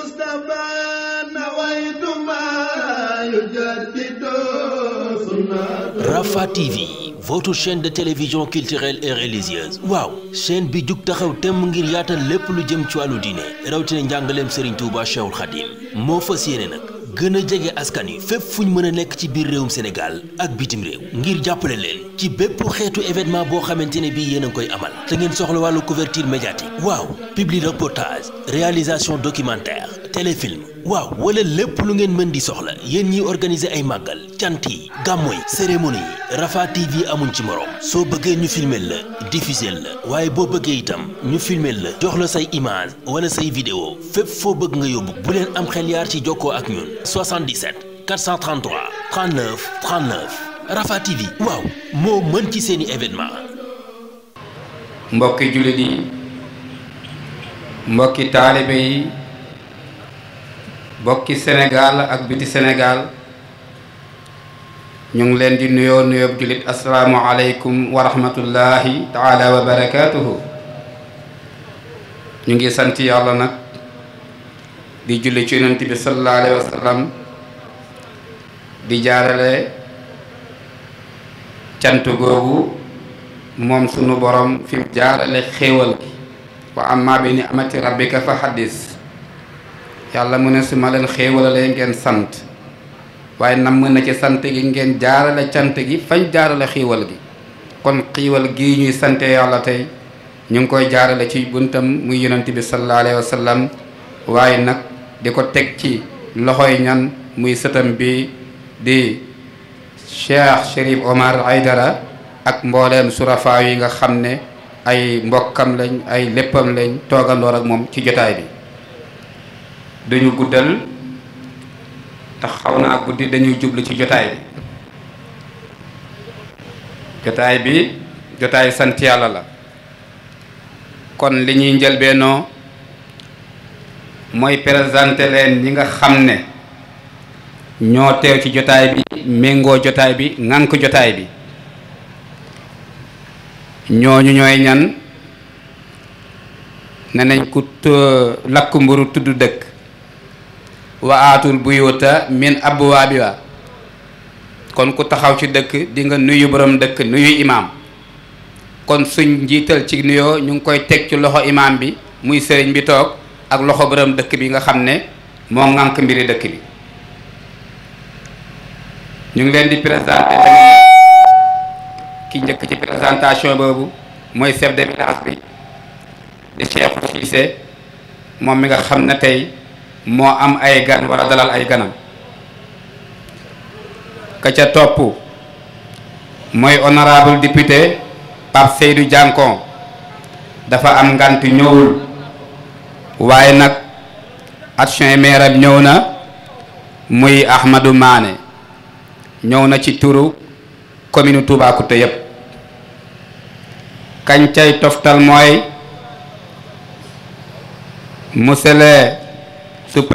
المصطفى نويت ما يجدد de télévision culturel et religieuse waaw chaîne bi jug taxaw temm ngir yaatal lépp lu jëm ci wàllu diine rawatina njàngaleem Serigne Touba Cheikhoul Khadim moo fas yéene nag gën a jege askan yi fépp fu ñu mën a nekk ci biir réewum Sénégal ak bitim réew ngir jàppale leen ci bépp xeetu événement boo xamante ne bii yéen a koy amal te ngeen soxla wàllu couverture médiatique waaw publi reportage réalisation documentaire téléfilm waaw wala lépp lu ngeen mën di soxla yéen ñiy organiser ay màggal cant yi gàmmo yi cérémonie yi TV amuñ ci morom soo bëggee ñu filmeel la diffuseel la waaye boo bëggee itam ñu filmeel la jox la say image wala say vidéo fépp foo bëgg nga yóbbu bu am xel ci jokkoo ak ñun 77 433 39 39 Rafah TV waaw moo mën ci seeni événement mbokki jullit yi mbokki taalibe yi bokki Sénégal ak biti senegaal ñu ngi leen di nuyoo nuyoob jullit asalaamu aleykum wa rahmatullahi wa barakaatuhu ñu ngi sant yàlla nag di julli ci yonent bi sallallahu di jaarale cant googu moom sunu borom fi mu jaarale xéewal gi wa amma bi ni amati rabbika fa xaddis yàlla mu ne si ma leen xéewalalee ngeen sant waaye namm na ci sant gi ngeen jaarale cant gi fañ jaarale xiiwal gi kon xiiwal gii ñuy sante yàlla tey ñu ngi koy jaarale ci buntam muy yonent bi sallallahu alayhi wa sallam waaye nag di ko teg ci loxoy ñan muy sëtam bi di Cheikh Chérif Omar Aydara ak mbooleem surafaa yi nga xam ne ay mbokkam lañ ay léppam lañ toogandoor ak moom ci jotaay bi dañu guddal tax xaw naa guddi dañuy jublu ci jotaay bi jotaay bi jotaay sant yàlla la kon li ñuy njëlbeenoo mooy présenté leen ñi nga xam ne ñoo teew ci jotaay bi méngoo jotaay bi ŋànk jotaay bi ñooñu ñooy ñan ne nañ ku lakk mburu tudd dëkk wa aatul buyuta min abwaabiha kon ku taxaw ci dëkk di nga nuyu borom dëkk nuyu imaam kon suñ njiital ci nuyoo ñu ngi koy teg ci loxo imaam bi muy sëriñ bi toog ak loxo borom dëkk bi nga xam ne moo ŋànk mbiri dëkk bi ñu ngi leen di présenté njëkk ci boobu mooy chef de village bi di moom mi nga xam ne tey moo am ay gan wala dalal ay ganam ka ca topp mooy honorable député par Seydou Diankon dafa am ngant ñëwul waaye nag adjoint maire am ñëw na muy Ahmadou Mané ñëw na ci turu commune Toubacouta yépp kañ cay toftal mooy monsieur sous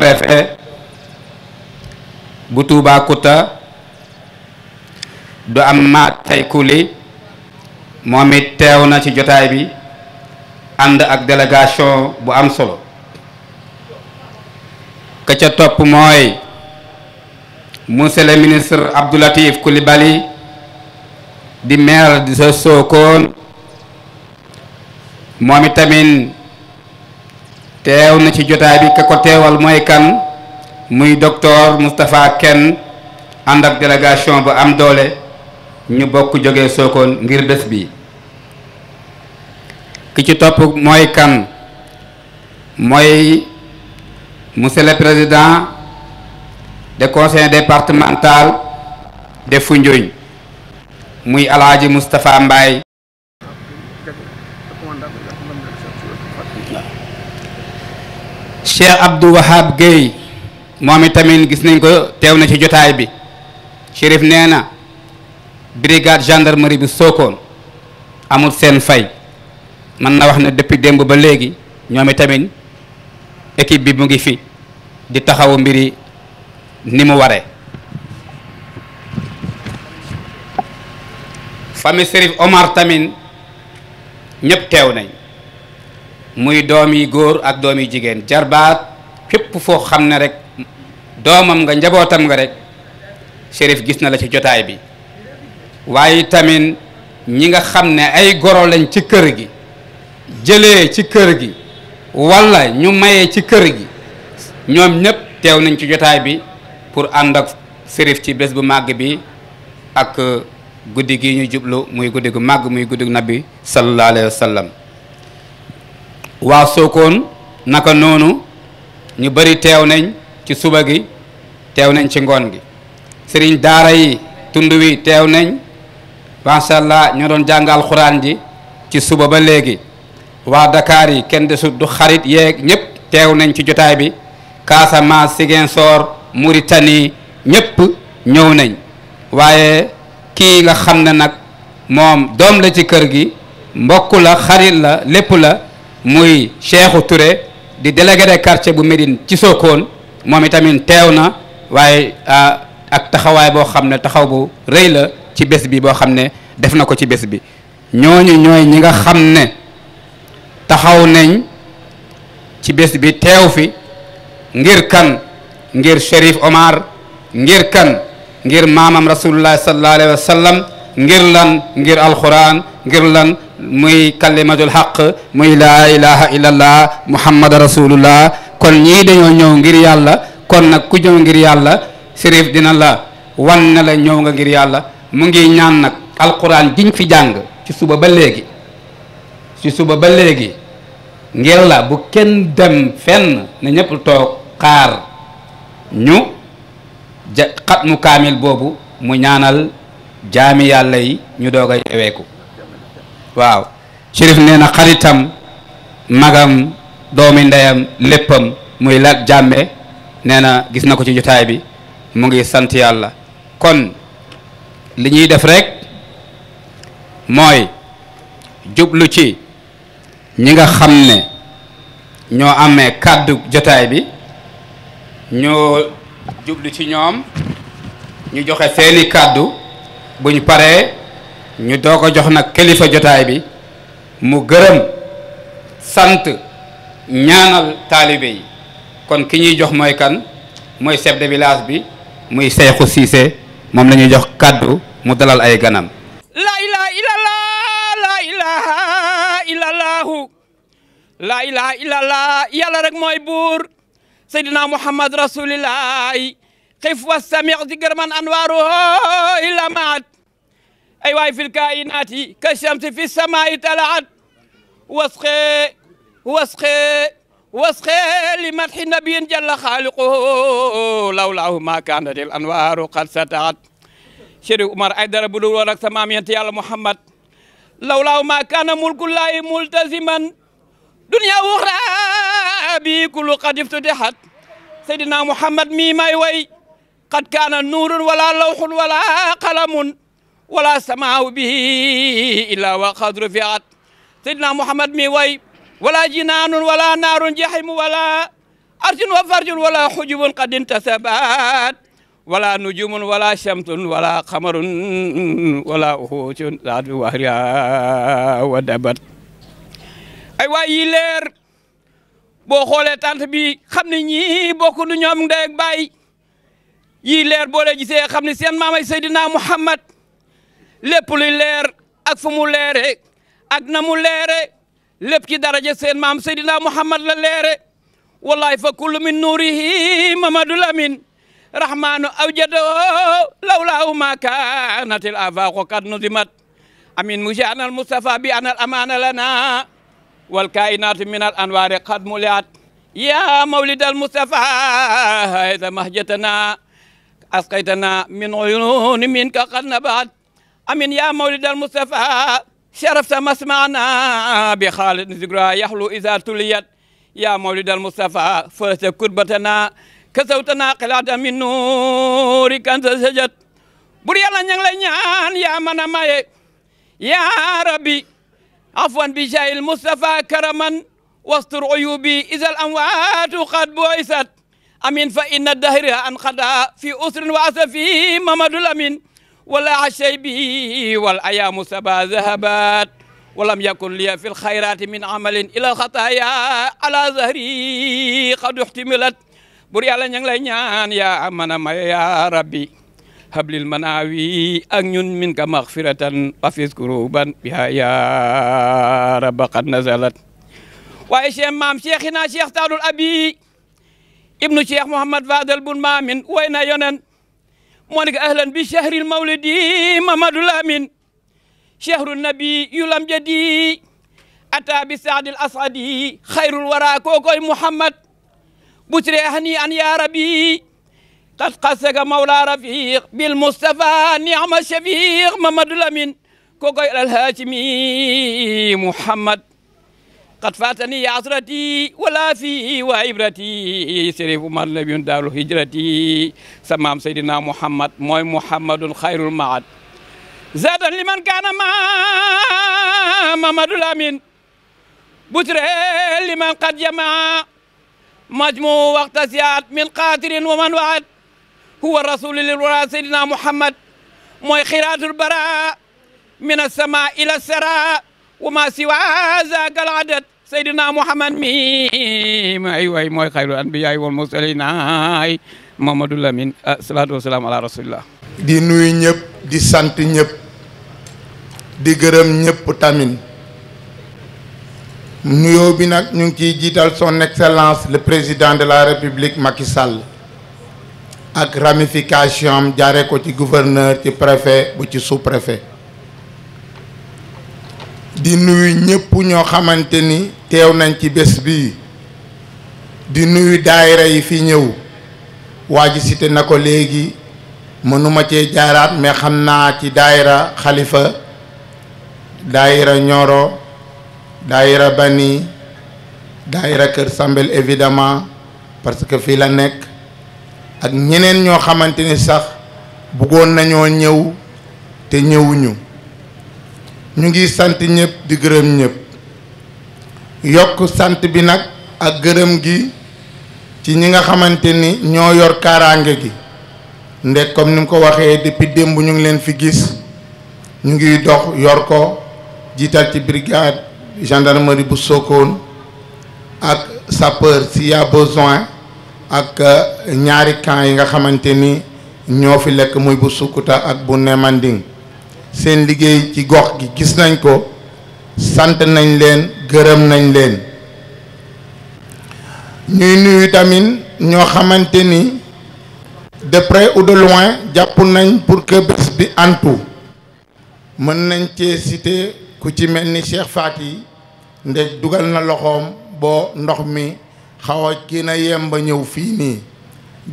bu Toubacouta du am ma tay moom it teew na ci jotaay bi ànd ak délégation bu am solo ka ca topp mooy monsieur le ministre Abdoulatif Coulibaly di maire de Sokone moom itamit teew na ci jotaay bi ka ko teewal mooy kan muy docteur Moustapha kenn ànd ak délégation bu am doole ñu bokk jóge Sokone ngir bés bi ki ci topp mooy kan mooy monsieur le président de conseil départemental de Foundiougne muy alaaji Moustapha Mbaye Cheikh Abdou Wahab Guèye moom itamit gis nañ ko teew na ci jotaay bi Chérif nee na brigade gendarmerie bi Sokone amul seen fay mën na wax ne depuis démb ba léegi ñoom itamit équipe bi mu ngi fi di taxawu mbiri ni mu ware famille Chérif Omar tamit ñëpp teew nañ muy doom yi góor ak doom yi jigéen jarbaat fépp foo xam ne rek doomam nga njabootam nga rek shérif gis na la ci jotaay bi waaye tamit ñi nga xam ne ay goro lañ ci kër gi jëlee ci kër gi walla ñu mayee ci kër gi ñoom ñépp teew nañ ci jotaay bi pour ànd ak shérif ci bés bu màgg bi ak guddi gi ñu jublu muy guddi gu màgg muy guddi gu nabi sallallahu alayhi wa waa Sokone naka noonu ñu bari teew nañ ci suba gi teew nañ ci ngoon gi sëriñ daara yi tund wi teew nañ macha allah ñoo doon jàng alxuraan ji ci suba ba léegi waa Dakar yi kenn desu du xarit yeeg ñëpp teew nañ ci jotaay bi Casamance Ziguinchor Mauritanie ñëpp ñëw nañ waaye kii nga xam ne nag moom doom la ci kër gi mbokk la xarit la lépp la muy Cheikhou Touré di délégué de quartier bu Médine ci Sokone moom itamit teew na waaye ah, ak taxawaay boo xam ne taxaw bu rëy la ci bés bi boo xam ne def na ko ci bés bi ñooñu ñooy ñi nga xam ne taxaw nañ ci bés bi teew fi ngir kan ngir Chérif Omar ngir kan ngir maamam rasulullah sallallahu alayhi wa sallam ngir lan ngir alquran ngir lan muy kalimatul xaq muy laa ilaha illallah muhammad rasulullah kon ñii dañoo ñëw ngir yàlla kon nag ku ñëw ngir yàlla sérif dina la wan na la ñëw nga ngir yàlla mu ngi ñaan nag alquran jiñ fi jàng ci suba ba léegi ci suba ba léegi ngir la bu kenn dem fenn na ñëpp toog xaar ñu ja xatmu kaamil boobu mu ñaanal jaami yàlla yi ñu doog a yeweeku waaw Chérif nee na xaritam magam doomi ndeyam léppam muy laaj jàmme nee na gis na ko ci jotaay bi mu ngi sant yàlla kon li ñuy def rek mooy jublu ci ñi nga xam ne ñoo amee kàddu jotaay bi ñoo jublu ci ñoom ñu joxe seeni kàddu buñ paree ñu doo ko jox na kilifa jotaay bi mu gërëm sant ñaanal taalibe yi kon ki ñuy jox mooy kan mooy chef de bi muy Seexu Siise moom la ñuy jox kàddu mu dalal ay ganam laa ilaha illallah laa yàlla rek mooy buur seydina muhammad rasulillahi xif wa samix di gërman anwaaru ilamaat ay waay fil kainaati ka shamsi fi samaai talaat wasxe wasxe wasxe li madhi nabiyin jalla xaaliqo lawlaahu ma kaanat al anwaaru qad sataat Chérif Oumar Aidara bu dul woon ak samaam yent yàlla Muhammad lawlaahu ma kaana mulkullaahi multaziman dunya uxra bi kullu qad iftutihat Seydina Muhammad mi may way qad kaana nuurun wala lawxun wala qalamun wala samaaw bihi illa wa qad rufiat seydina muhammad mi way wala jinaanun wala naarun jahimu wala arjun wa farjun wala xujubun qad intasabat wala nujumun wala shamsun wala qamarun wala uxuusun zaat wahriya wa ay waay yi leer boo xoolee tant bi xam ne ñii bokk du ñoom ndey ak yi leer boo lee gisee xam ne seen maamay seydina muhammad lépp luy leer ak fu mu leere ak na mu leere lépp ci daraja seen maam Seydina Muhammad la leere wallahi fa kullu min nuurihi mamadul amin rahmanu awjado lawlaahu ma kanatil afaqu qad nudimat amin mujaanal mustafa bi anal amana lana wal kainatu min al anwaari qad muliat ya mawlidal mustafa hayda mahjatana asqaytana min uyuuni minka qad nabat amin ya mawlid al mustafa sharafta masmaana bi xaalid zikra yaxlu isa tuliyat ya mawlid al mustafa farasa kurbatana kasawtana xilaata min nuuri kanta sajat bur yàlla ña ngi lay ñaan yaa mën a maye yaa rabbi afwan bi jaayil mustafa karaman wastur uyubi isal amwaatu qad boysat amin fa inna dahira an xada fi usrin wa asafi mamadul amin ولا شيبي والأيام سبا ذهبت ولم يكن لي في الخيرات من عمل إلى الخطايا على ظهري قد احتملت بور yàlla ña ngi lay ñaan yaa amana may yaa rabbi hablil manaawi ak ñun min ka maxfiratan afis kuruban biha yaa rabba qad nazalat waaye cheikh maam cheikhina cheikh taadul abi ibnu cheikh mouhamad fadal bun maamin way na yonen moo ne ko ahlan bi chahril mawlidi mamadul amin chahru nabi yulam jadi ata bi saadil asadi xayrul wara kookoy muhammad busre hani an ya rabi qad qassaka mawla rafiq bil mustafa ni'ma shafiq mamadul amin kookoy alhaashimi muhammad قد فاتني عثرتي ولا في وعبرتي سيريف عمر نبي دار هجرتي سمام سيدنا محمد موي محمد خير المعد زادا لمن كان ما محمد الامين بتر لمن قد جمع مجموع وقت سياد من قاتل ومن وعد هو الرسول للوراء سيدنا محمد موي خيرات البراء من السماء الى السراء وما سوى ذاك العدد seydina muhammad mi ay way mooy xayrul anbiyaay wal mursalinaay mamadou lamin ah, salaatu wasalaam ala rasulillah di nuyu ñëpp di sant ñëpp di gërëm ñëpp tamit nuyoo bi nag ñu ngi ciy jiital son excellence le président de la république Macky Sall ak ramification am jaare ko ci gouverneur ci préfet bu ci sous-préfet di nuyu ñëpp ñoo xamante ni teew nañ ci bés bii di nuyu daayira yi fi ñëw waa ji cité na ko léegi mënuma ci jaaraat mais xam naa ci daayira xalifa daayira ñoro daayira bani daayira kër sambel évidemment parce que fii la nekk ak ñeneen ñoo xamante ni sax bëggoon nañoo ñëw te ñëwuñu ñu ngi sant ñëpp di gërëm ñëpp yokk sant bi nag ak gërëm gi ci ñi nga xamante ni ñoo yor kaaraange gi nde comme ni mu ko waxee depuis démb ñu ngi leen fi gis ñu ngi dox yor ko jiital ci brigade gendarmerie bu Sokone ak sapeur s'il y besoin ak euh, ñaari camp yi nga xamante ni ñoo fi lekk muy bu Sukuta ak bu Nemanding seen liggéey ci gox gi gis nañ ko sant nañ leen gërëm nañ leen ñuy nuyu tamit ñoo xamante ni de près ou de loin jàpp nañ pour que bi antu mën nañ cee citer ku ci mel ni Cheikh yi nde dugal na loxoom boo ndox mi xaw a kii na yemba ñëw fii nii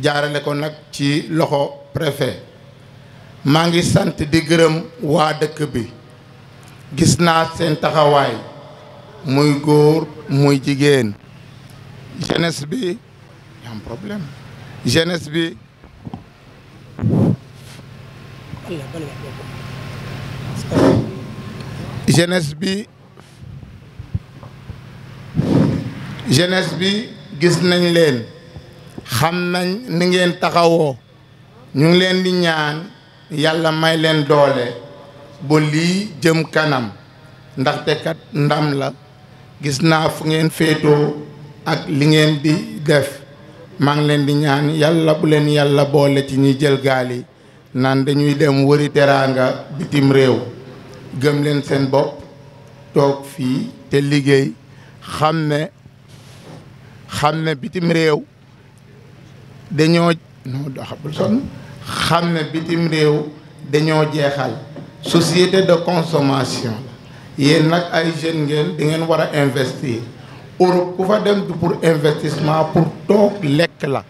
jaarale ko nag ci loxo préfet maa ngi sant di gërëm waa dëkk bi gis naa seen taxawaay muy góor muy jigéen genes bi am problème jeunesse bi jeunesse bi gis nañ leen xam nañ ni ngeen taxawoo ñu ngi leen di ñaan yàlla may leen doole ba lii jëm kanam ndaxte kat ndam la gis naa fu ngeen féetoo ak li ngeen di def maa leen di ñaan yàlla bu leen yàlla boole ci ñi jël gaali yi naan dañuy dem wëri teraanga bitim réew gëm leen seen bopp toog fii te liggéey xam ne bitim réew dañoo non doxabul sonn xam ne bitim réew dañoo jeexal société de consommation yéen nag ay jeunes ngeen di ngeen war a investir Europe ku fa dem du pour investissement pour toog lekk la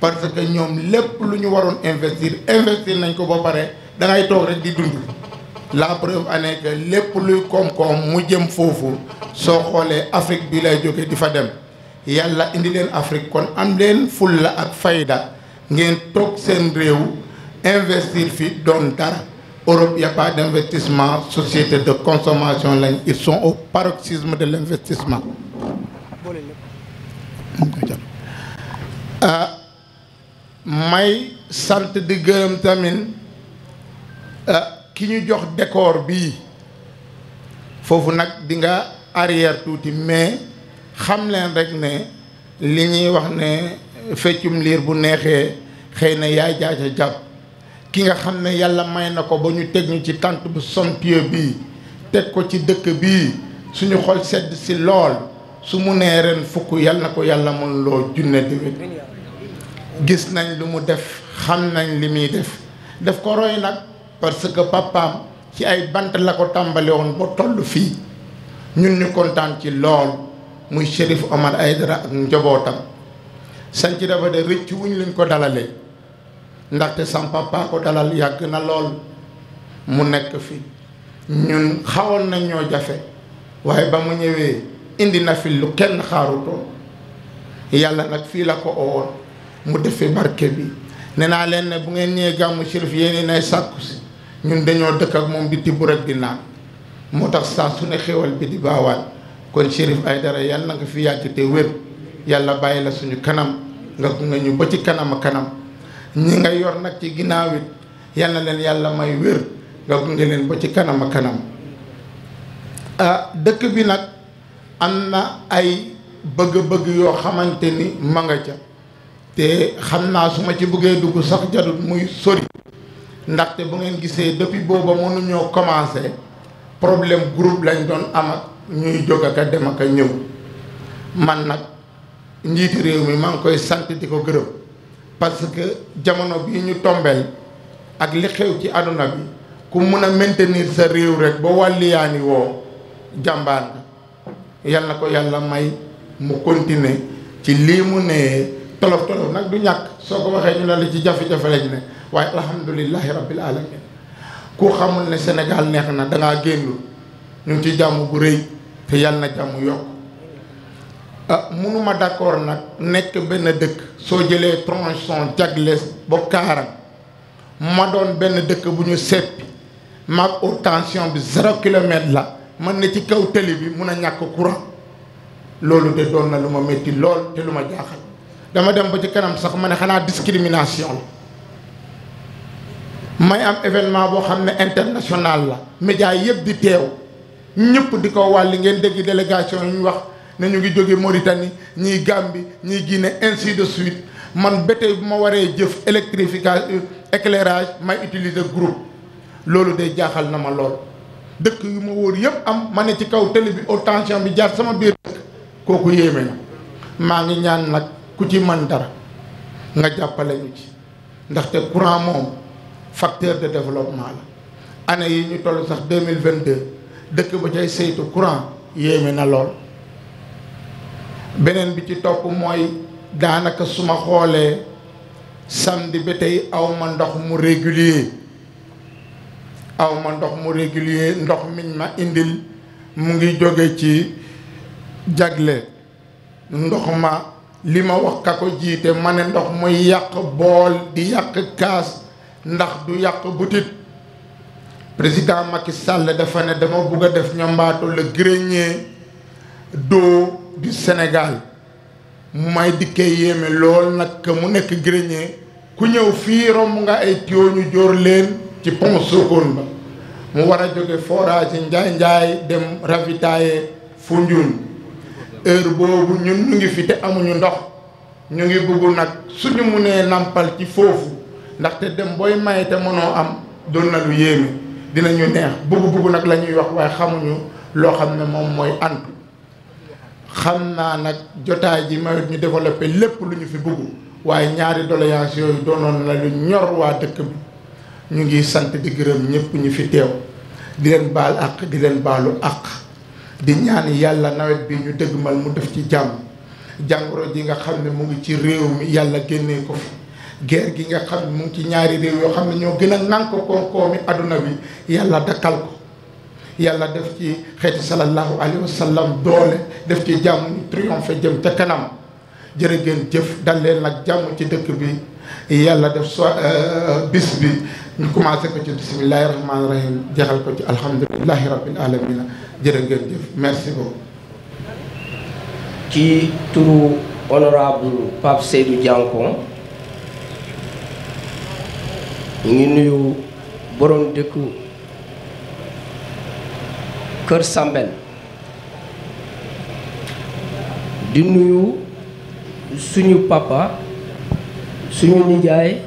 parce que ñoom lépp lu ñu waroon investir investir nañ ko ba pare da ngay toog rek di dund la preuve année que lépp luy koom-koom mu jëm foofu soo xoolee Afrique bi lay jóge di fa dem yàlla indi leen Afrique kon am leen la ak fayda ngeen toog seen réew investir fi doon dara Europe y a pas d'investissement société de consommation lañ ils sont au paroxysme de l'investissement euh, may sant di gërëm tamit euh, ki ñu jox décor bi foofu nag di nga arrière tuuti mais xam leen rek ne li ñuy wax ne feccum liir bu neexee xëy na yaay jaaja jàpp ki nga xam ne yàlla may na ko ba ñu teg ñu ci tànt bu sompie bii teg ko ci dëkk bi suñu xol sedd si lool su mu nee ren fukk yàlla na ko yàlla mën loo junne déwén gis nañ lu mu def xam nañ li muy def def ko roy nag parce que papaam ci ay bant la ko tàmbali woon ba toll fii ñun ñu kontaan ci lool muy Chérif Omar dara ak njabootam sañ ci dafa de rëcc wuñ lañ ko dalalee ndaxte sam papa ko dalal yàgg na lool mu nekk fi ñun xawoon nañ ñoo jafe waaye ba mu ñëwee indi na fi lu kenn xaarutoo yàlla nag fii la ko owoon mu def fi barke bi nee naa leen ne bu ngeen ñëwee gàmmu Chérif yéen nay sàkku si ñun dañoo dëkk ak moom biti tibb rek di naan moo tax saa su ne xéwal bi di baawaat kon Chérif Aidara yàlla na nga fi yàgg te wér yàlla bàyyi la suñu kanam nga gunge ñu ba ci kanam kanam ñi nga yor nag ci ginnaaw it yal na leen yàlla may wér nga gunge leen ba ci kanam a kanam dëkk bi nag am na ay bëgg-bëgg yoo xamante ni ma nga ca te xam naa su ma ci bëggee dugg sax jarut muy sori ndaxte bu ngeen gisee depuis booba mënuñoo commencé problème group lañ doon am ak ñuy jóg ak dem ak a ñëw man nag. njiitu réew mi maa ngi koy sant di ko gërëm parce que jamono bii ñu tombel ak li xew ci àdduna bi ku mun a maintenir sa réew rek ba wàlliyaani woo jàmbaar nga yal na ko yàlla may mu continuer ci lii mu nee tolof tolof nag du ñàkk soo ko waxee ñu ne la ci jafe-jafe lañ ne waaye alhamdulilahi rabbil alamin ku xamul ne senegaal neex na dangaa génnul ñu ngi ci jàmm bu rëy te yal na yokk ah mënuma d'accord nag nekk benn dëkk soo jëlee tronçon Diaglès ba Karang ma doon benn dëkk bu ñu seppi maag haute tension bi zéro kilomètre la man ne ci kaw tëli bi mun a ñàkk courant loolu de doon na lu ma métti lool te lu ma jaaxal dama dem ba ci kanam sax ma ne xanaa discrimination la may am événement boo xam ne international la média yëpp di teew ñëpp di ko wàlli ngeen dégg délégation yi ñu wax ne ñu ngi jóge Mauritanie ñii Gambie ñii Guinée inci de suite man ba bu ma waree jëf électrification euh, éclairage may utiliser groupe loolu day jaaxal na ma lool. dëkk yu ma wóor yëpp am ma ne ci kaw télé bi haute tension bi jaar sama biir kooku yéeme na maa ngi ñaan nag ku ci man dara nga jàppale ñu ci ndaxte courant moom facteur de développement la année yi ñu toll sax deux mille vingt deux dëkk ba cay saytu courant yéeme na lool. beneen bi ci topp mooy daanaka su ma xoolee samedi ba tey awma ndox mu régulier aw ma ndox mu régulier ndox miñ ma indil mu ngi jóge ci jagle ndox ma li ma wax ka ko jiite ma ne ndox muy yàq bool di yàq kaas ndax du yàq butit président Macky sàll dafa ne dama bugg a def ñombaatu la grenier d'eau du Sénégal mu may dikkee yéeme lool nag mu nekk Grenier ku ñëw fii romb nga ay tuyaux ñu jóor leen ci pont Sokone ba mu war a jóge forage njaay njaay dem ravitailler Foundiougne heure boobu ñun ñu ngi fi te amuñu ndox ñu ngi bëgg nag suñu munee nampal ci foofu ndaxte dem booy may te mënoo am doon na lu yéeme dinañu neex bëgg bëgg nag lañuy ñuy wax waaye xamuñu loo xam ne moom mooy antu xam naa nag jotaay ji mayut ñu développé lépp lu ñu fi buggu waaye ñaari doléance yooyu doonoon la lu ñor waa dëkk bi ñu ngi sant di gërëm ñëpp ñu fi teew di leen baal àq di leen baalu àq di ñaan yàlla nawet bi ñu dëggmal mu def ci jàmm jàngoro ji nga xam ne mu ngi ci réew mi yàlla génnee ko fi guerre gi nga xam mu ngi ci ñaari réew yoo xam ne ñoo gën a nànk koom-koomi àdduna bi yàlla dakkal ko yàlla def ci xeeti sallallahu alayhi wa sallam doole def ci jàmm ñu triomphe jëm ca kanam jërë ngeen jëf dal leen nag jàmm ci dëkk bi yàlla def so euh, bis bi ñu commencé ko ci bisimillahi rahmaani rahim jeexal ko ci alhamdulilahi rabbil alamina jërë ngeen jëf merci beaucoup ci turu honorable Pape Seydou Diankon ñu ngi nuyu borom dëkku Kër Sambel di nuyu suñu papa suñu nijaay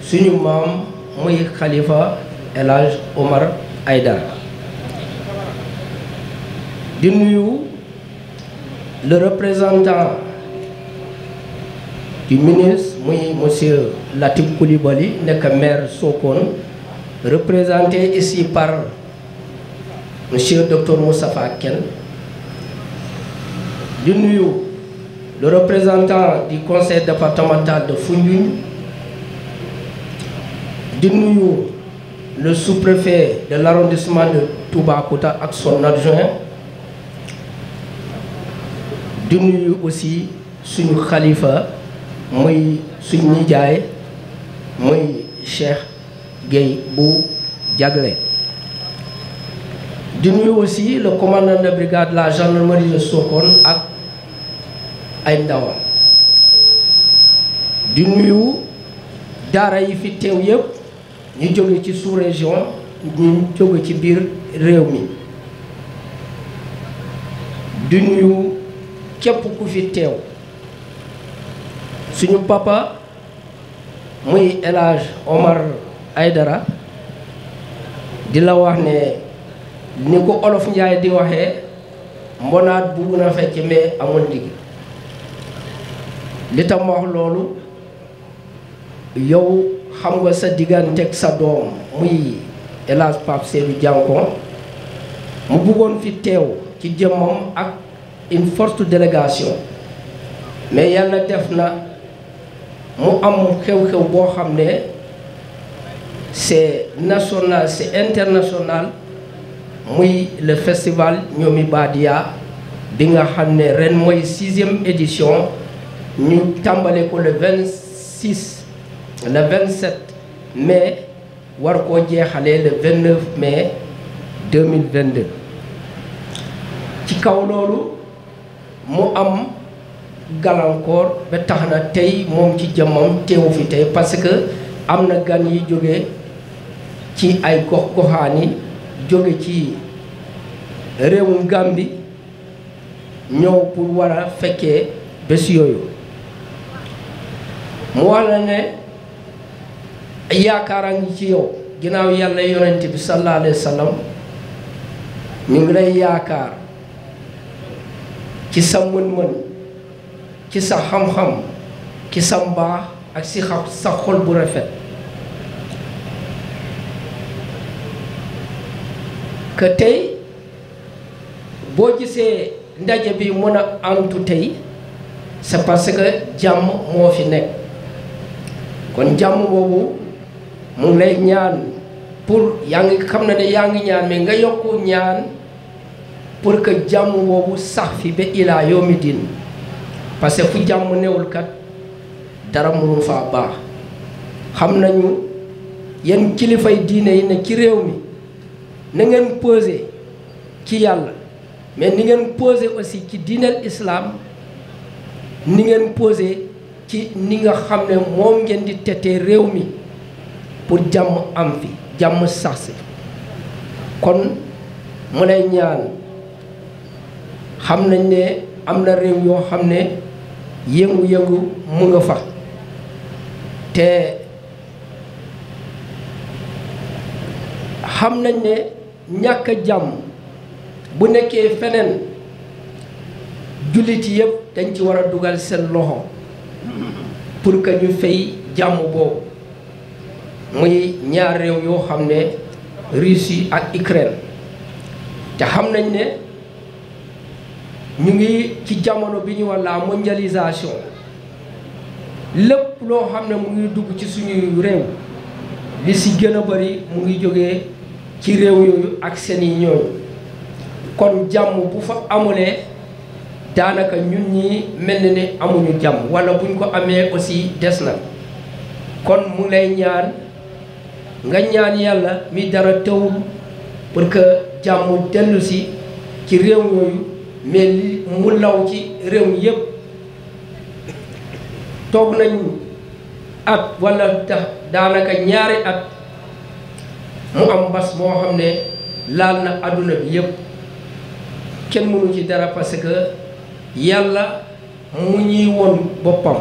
suñu maam muy xalifa El Omar Aydara di nuyu le représentant du ministre muy monsieur Latif Coulibaly nekk maire Sokone représenté ici par monsieur docteur Moustapha Kane di nuyu le représentant du conseil départemental de Foundiougne di nuyu le sous de l'arrondissement de Toubacouta ak son adjoint di nuyu aussi suñu xalifa muy suñu nijaay muy Cheikh Gueye bu Jagle di nuyu aussi le commandant brigade la gendarmerie soo Sokone ak ay ndawam di nuyu daara yi fi teew yëpp ñu jóge ci sous-région ñu jóge ci biir réew mi di képp ku fi teew suñu papa muy El Hadj Omar Aydara di la wax ne ni ko olof njaay di waxe mbonaat bugg na fecc mais amul ndigg li tam wax loolu yow xam nga sa digganteeg sa doom muy El Hadj Pape Seydou mu bëggoon fi teew ci jëmmam ak une forte délégation mais yàlla def na mu am xew-xew boo xam ne c'est national c'est international muy le festival ñoomi Badia bi nga xam ne ren mooy sixième édition ñu tàmbale ko le vingt six le vingt sept mai war koo jeexalee le vingt neuf mai deux mille vingt ci kaw loolu mu am gàllankoor ba tax na tey moom ci jëmmam teewu fi tey parce que am na gan yi jóge ci ay gox goxaan jóge ci réewum Gàmbi ñëw pour war a fekkee bés yooyu mu wax la ne yaakaar a ngi ci yow ginnaaw yàlla yonent bi sallallahu alayhi wa sallam ñu ngi lay yaakaar ci sa mën-mën ci sa xam-xam ci sa mbaax ak si xam sa xol bu rafet que tey boo gisee ndaje bi mën a antu tey c'est parce que jàmm moo fi nekk kon jàmm boobu mu ngi ñaan pour yaa ngi xam na yaa ngi ñaan mais nga yokku ñaan pour que jàmm woowu sax fi ba ilaa yawmi diin parce que fu jàmm newul kat dara mënu faa baax xam nañu yenn kilifay diine yi ne ci réew mi na ngeen posé ci yàlla mais ni ngeen posé aussi ci diineel islaam ni ngeen posé ci ni nga xam ne moom ngeen di tetee réew mi pour jàmm am fi jàmm sax si kon mu lay ñaan xam nañ ne am na réew yoo xam ne yëngu-yëngu mu nga fa te xam nañ ne ñàkk jàmm bu nekkee feneen jullit yëpp dañ ci war a dugal seen loxo pour que ñu fay jàmm boobu muy ñaar réew yoo xam ne Russie ak Ukraine te xam nañ ne ñu ngi ci jamono bi ñu walla mondialisation lépp loo xam ne mu ngi dugg ci suñuy réew li si gën a bari mu ngi jóge ci réew yooyu ak seeni ñooñu kon jàmm bu fa amulee daanaka ñun ñii mel na ne amuñu jàmm walla buñ ko amee aussi des na kon mu lay ñaan nga ñaan yàlla mi dara tëwul pour que jàmm dellu ci réew yooyu mais mu law ci réew yépp toog nañu at walla tax daanaka ñaari at mu am mbas moo xam ne laal na àdduna bi yëpp kenn mënu ci dara parce que yàlla mu ñuy woon boppam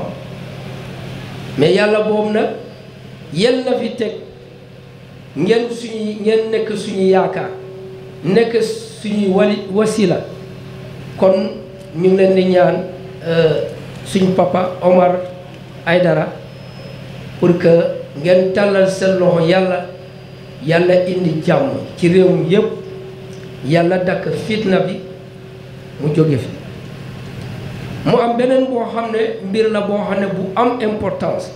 mais yàlla boobu nag yéen la fi teg ngeen suñuy ngeen nekk suñuy yaakaar nekk suñuy wali wasila kon ñu ngi leen di ñaan euh, suñu papa Omar Aydara pour que ngeen tàllal seen yàlla. yàlla indi jàmm ci réew mi yépp yàlla dakk fitna bi mu jóge fi mu am beneen boo xam ne mbir na boo xam ne bu am importance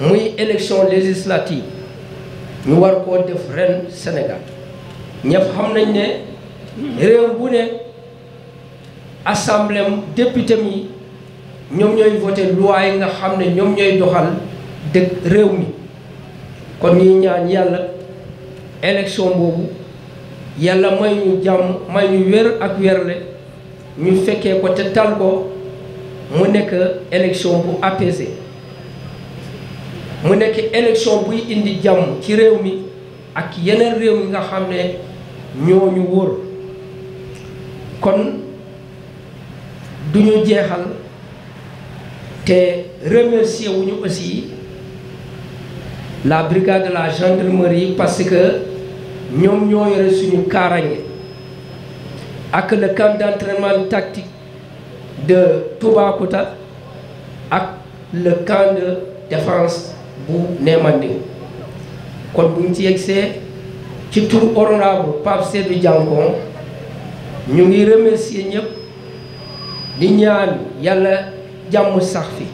muy élection législative ñu war koo def ren senegal ñëpp xam nañ ne réew bu ne assemblée député mi ñoom ñooy voté loi nga xam ne ñoom ñooy doxal dëkk réew mi kon ñuy ñaan yàlla élection boobu yàlla may ñu jàmm may ñu wér ak wérle ñu fekkee ko te tal ko mu nekk élection bu apaisé mu nekk élection buy indi jàmm ci réew mi ak yeneen réew yi nga xam ne ñoo ñu wóor kon du ñu jeexal te remercier wu ñu aussi la brigade de la gendarmerie parce que ñoom ñoo yore suñu kaaraange ak le camp d'entraînement tactique de ak le camp de bu Némanding kon bu ñu ci yegsee ci tur honorable Pape Seydou Diankon ñu ngi remercier ñëpp di ñaan yàlla jàmm sax fi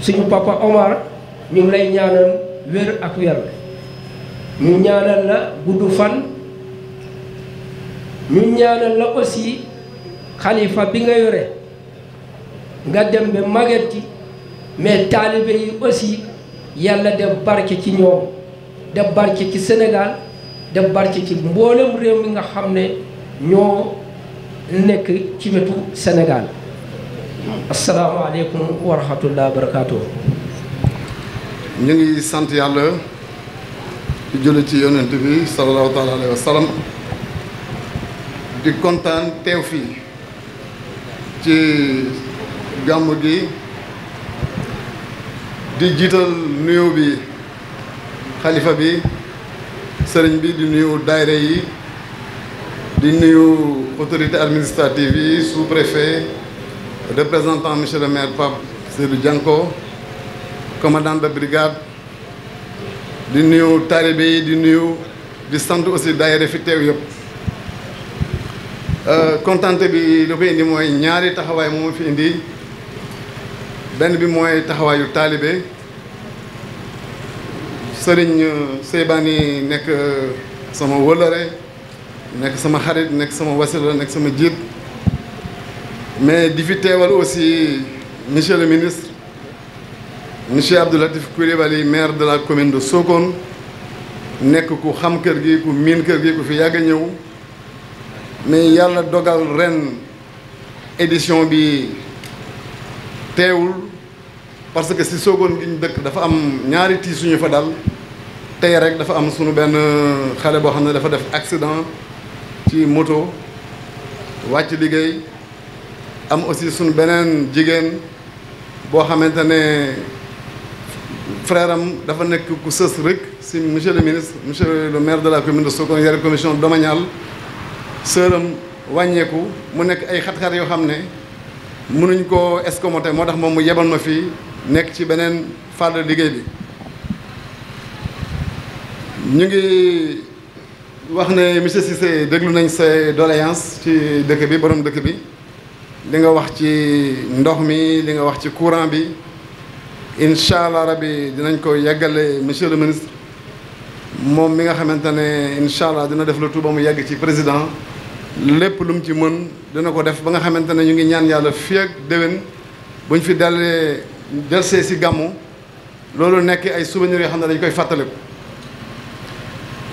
suñu papa Omar ñu ngi lay ñaanal wér ak wér ñu ñaanal la gudd fan ñu la aussi xalifa bi nga yore nga dem ba màgget ci mais taalibe yi yàlla def barke ci ñoom def barke ci Sénégal de barke ci mboolem réew mi nga xam ne ñoo nekk ci wetu senegal asalaamaaleykum wa rahmatullah wa ñu ngi sant yàlla di julli ci yonent bi sallallahu taala alayhi di kontaan teew fii ci gàmm gi di jiital nuyoo bi xalifa bi sëriñ bi di nuyu daayre yi di nuyu autorité administrative yi sous-préfet représentant monsieur le maire Pape Seydou Dianko commandant de brigade di nuyu taalibe yi di nuyu di sant aussi daayira fi teew yëpp euh, kontante bi lu ko indi mooy ñaari taxawaay moo fi indi benn bi mooy taxawaayu taalibe sëriñ euh, Seybani nekk euh, sama wëlëre nekk sama xarit nekk sama wasila nekk sama jiit mais di fi teewal aussi monsieur le ministre monsieur Abdoulatif Coulibaly maire de la commune de Sokone nekk ku xam kër gi ku miin kër gi ku fi yàgg ñëw mais yàlla dogal ren édition bi teewul parce que si Sokone gi ñu dëkk dafa am ñaari tii suñu fa dal tey rek dafa am suñu benn xale boo xam ne dafa def accident ci moto wàcc liggéey am aussi suñu beneen jigéen boo xamante ne frère dafa nekk ku sës rek si monsieur le ministre monsieur le maire de la commune de Sokone yore commission domaniale sœur wàññeeku mu nekk ay xat-xat yoo xam ne mënuñ koo escomoter moo tax moom mu yebal ma fii nekk ci beneen fàll liggéey bi ñu ngi wax ne monsieur Cissé déglu nañ say doléance ci dëkk bi borom dëkk bi li nga wax ci ndox mi li nga wax ci courant bi incha allah rabi dinañ ko yeggale monsieur le ministre moom mi nga xamante ne incha allah dina def le tout ba mu yegg ci président lépp lu mu ci mën dina ko def ba nga xamante ne ñu ngi ñaan yàlla fii ak déwén ñu fi dalee delsee si gàmmu loolu nekk ay souvenirs yoo xam ne dañ koy fàttaliku.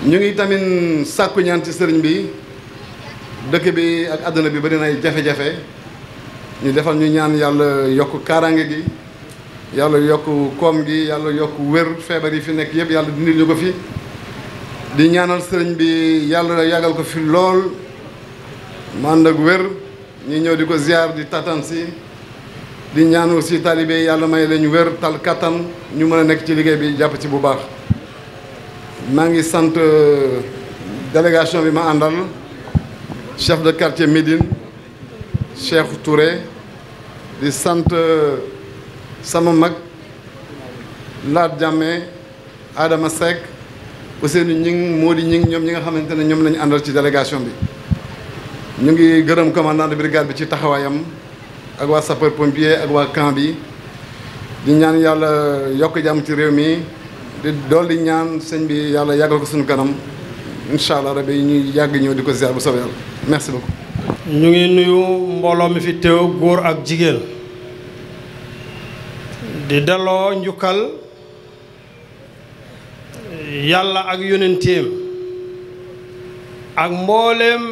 ñu ngi tamit sàkku ñaan ci sëriñ bi dëkk bi ak àdduna bi bari na ay jafe-jafe ñu defal ñu ñaan yàlla yokk kaaraange gi. yàlla yokk koom gi yàlla yokk wér feebar yi fi nekk yëpp yàlla dindil ko fi di ñaanal sëriñ bi yàlla yàggal ko fi lool man ak wér ñi ñëw di ko ziar di tatansi si di ñaan aussi taalibe yàlla may lañu wér tal kattan ñu mën a nekk ci liggéey bi jàpp ci bu baax maa ngi sant euh, délégation bi ma àndal chef de quartier Médine Cheikh Touré di sant euh, sama mag laat jàmme Adama Seck Ousseynou Ñing moo di ñing ñoom ñi nga xamante ne ñoom lañu àndal ci délégation bi ñu ngi gërëm commandant de bi ci taxawaayam ak waa sapeur pompier ak waa camp bi di ñaan yàlla yokk jàmm ci réew mi di dolli ñaan sëñ bi yàlla yàggal ko suñu kanam incha allah rabi ñuy yàgg ñëw di ko ziar bu soobee yàlla merci beaucoup. ñu ngi nuyu mbooloo mi fi teew góor ak jigéen. di daloo njukkal yàlla ak yonenteem ak mbooleem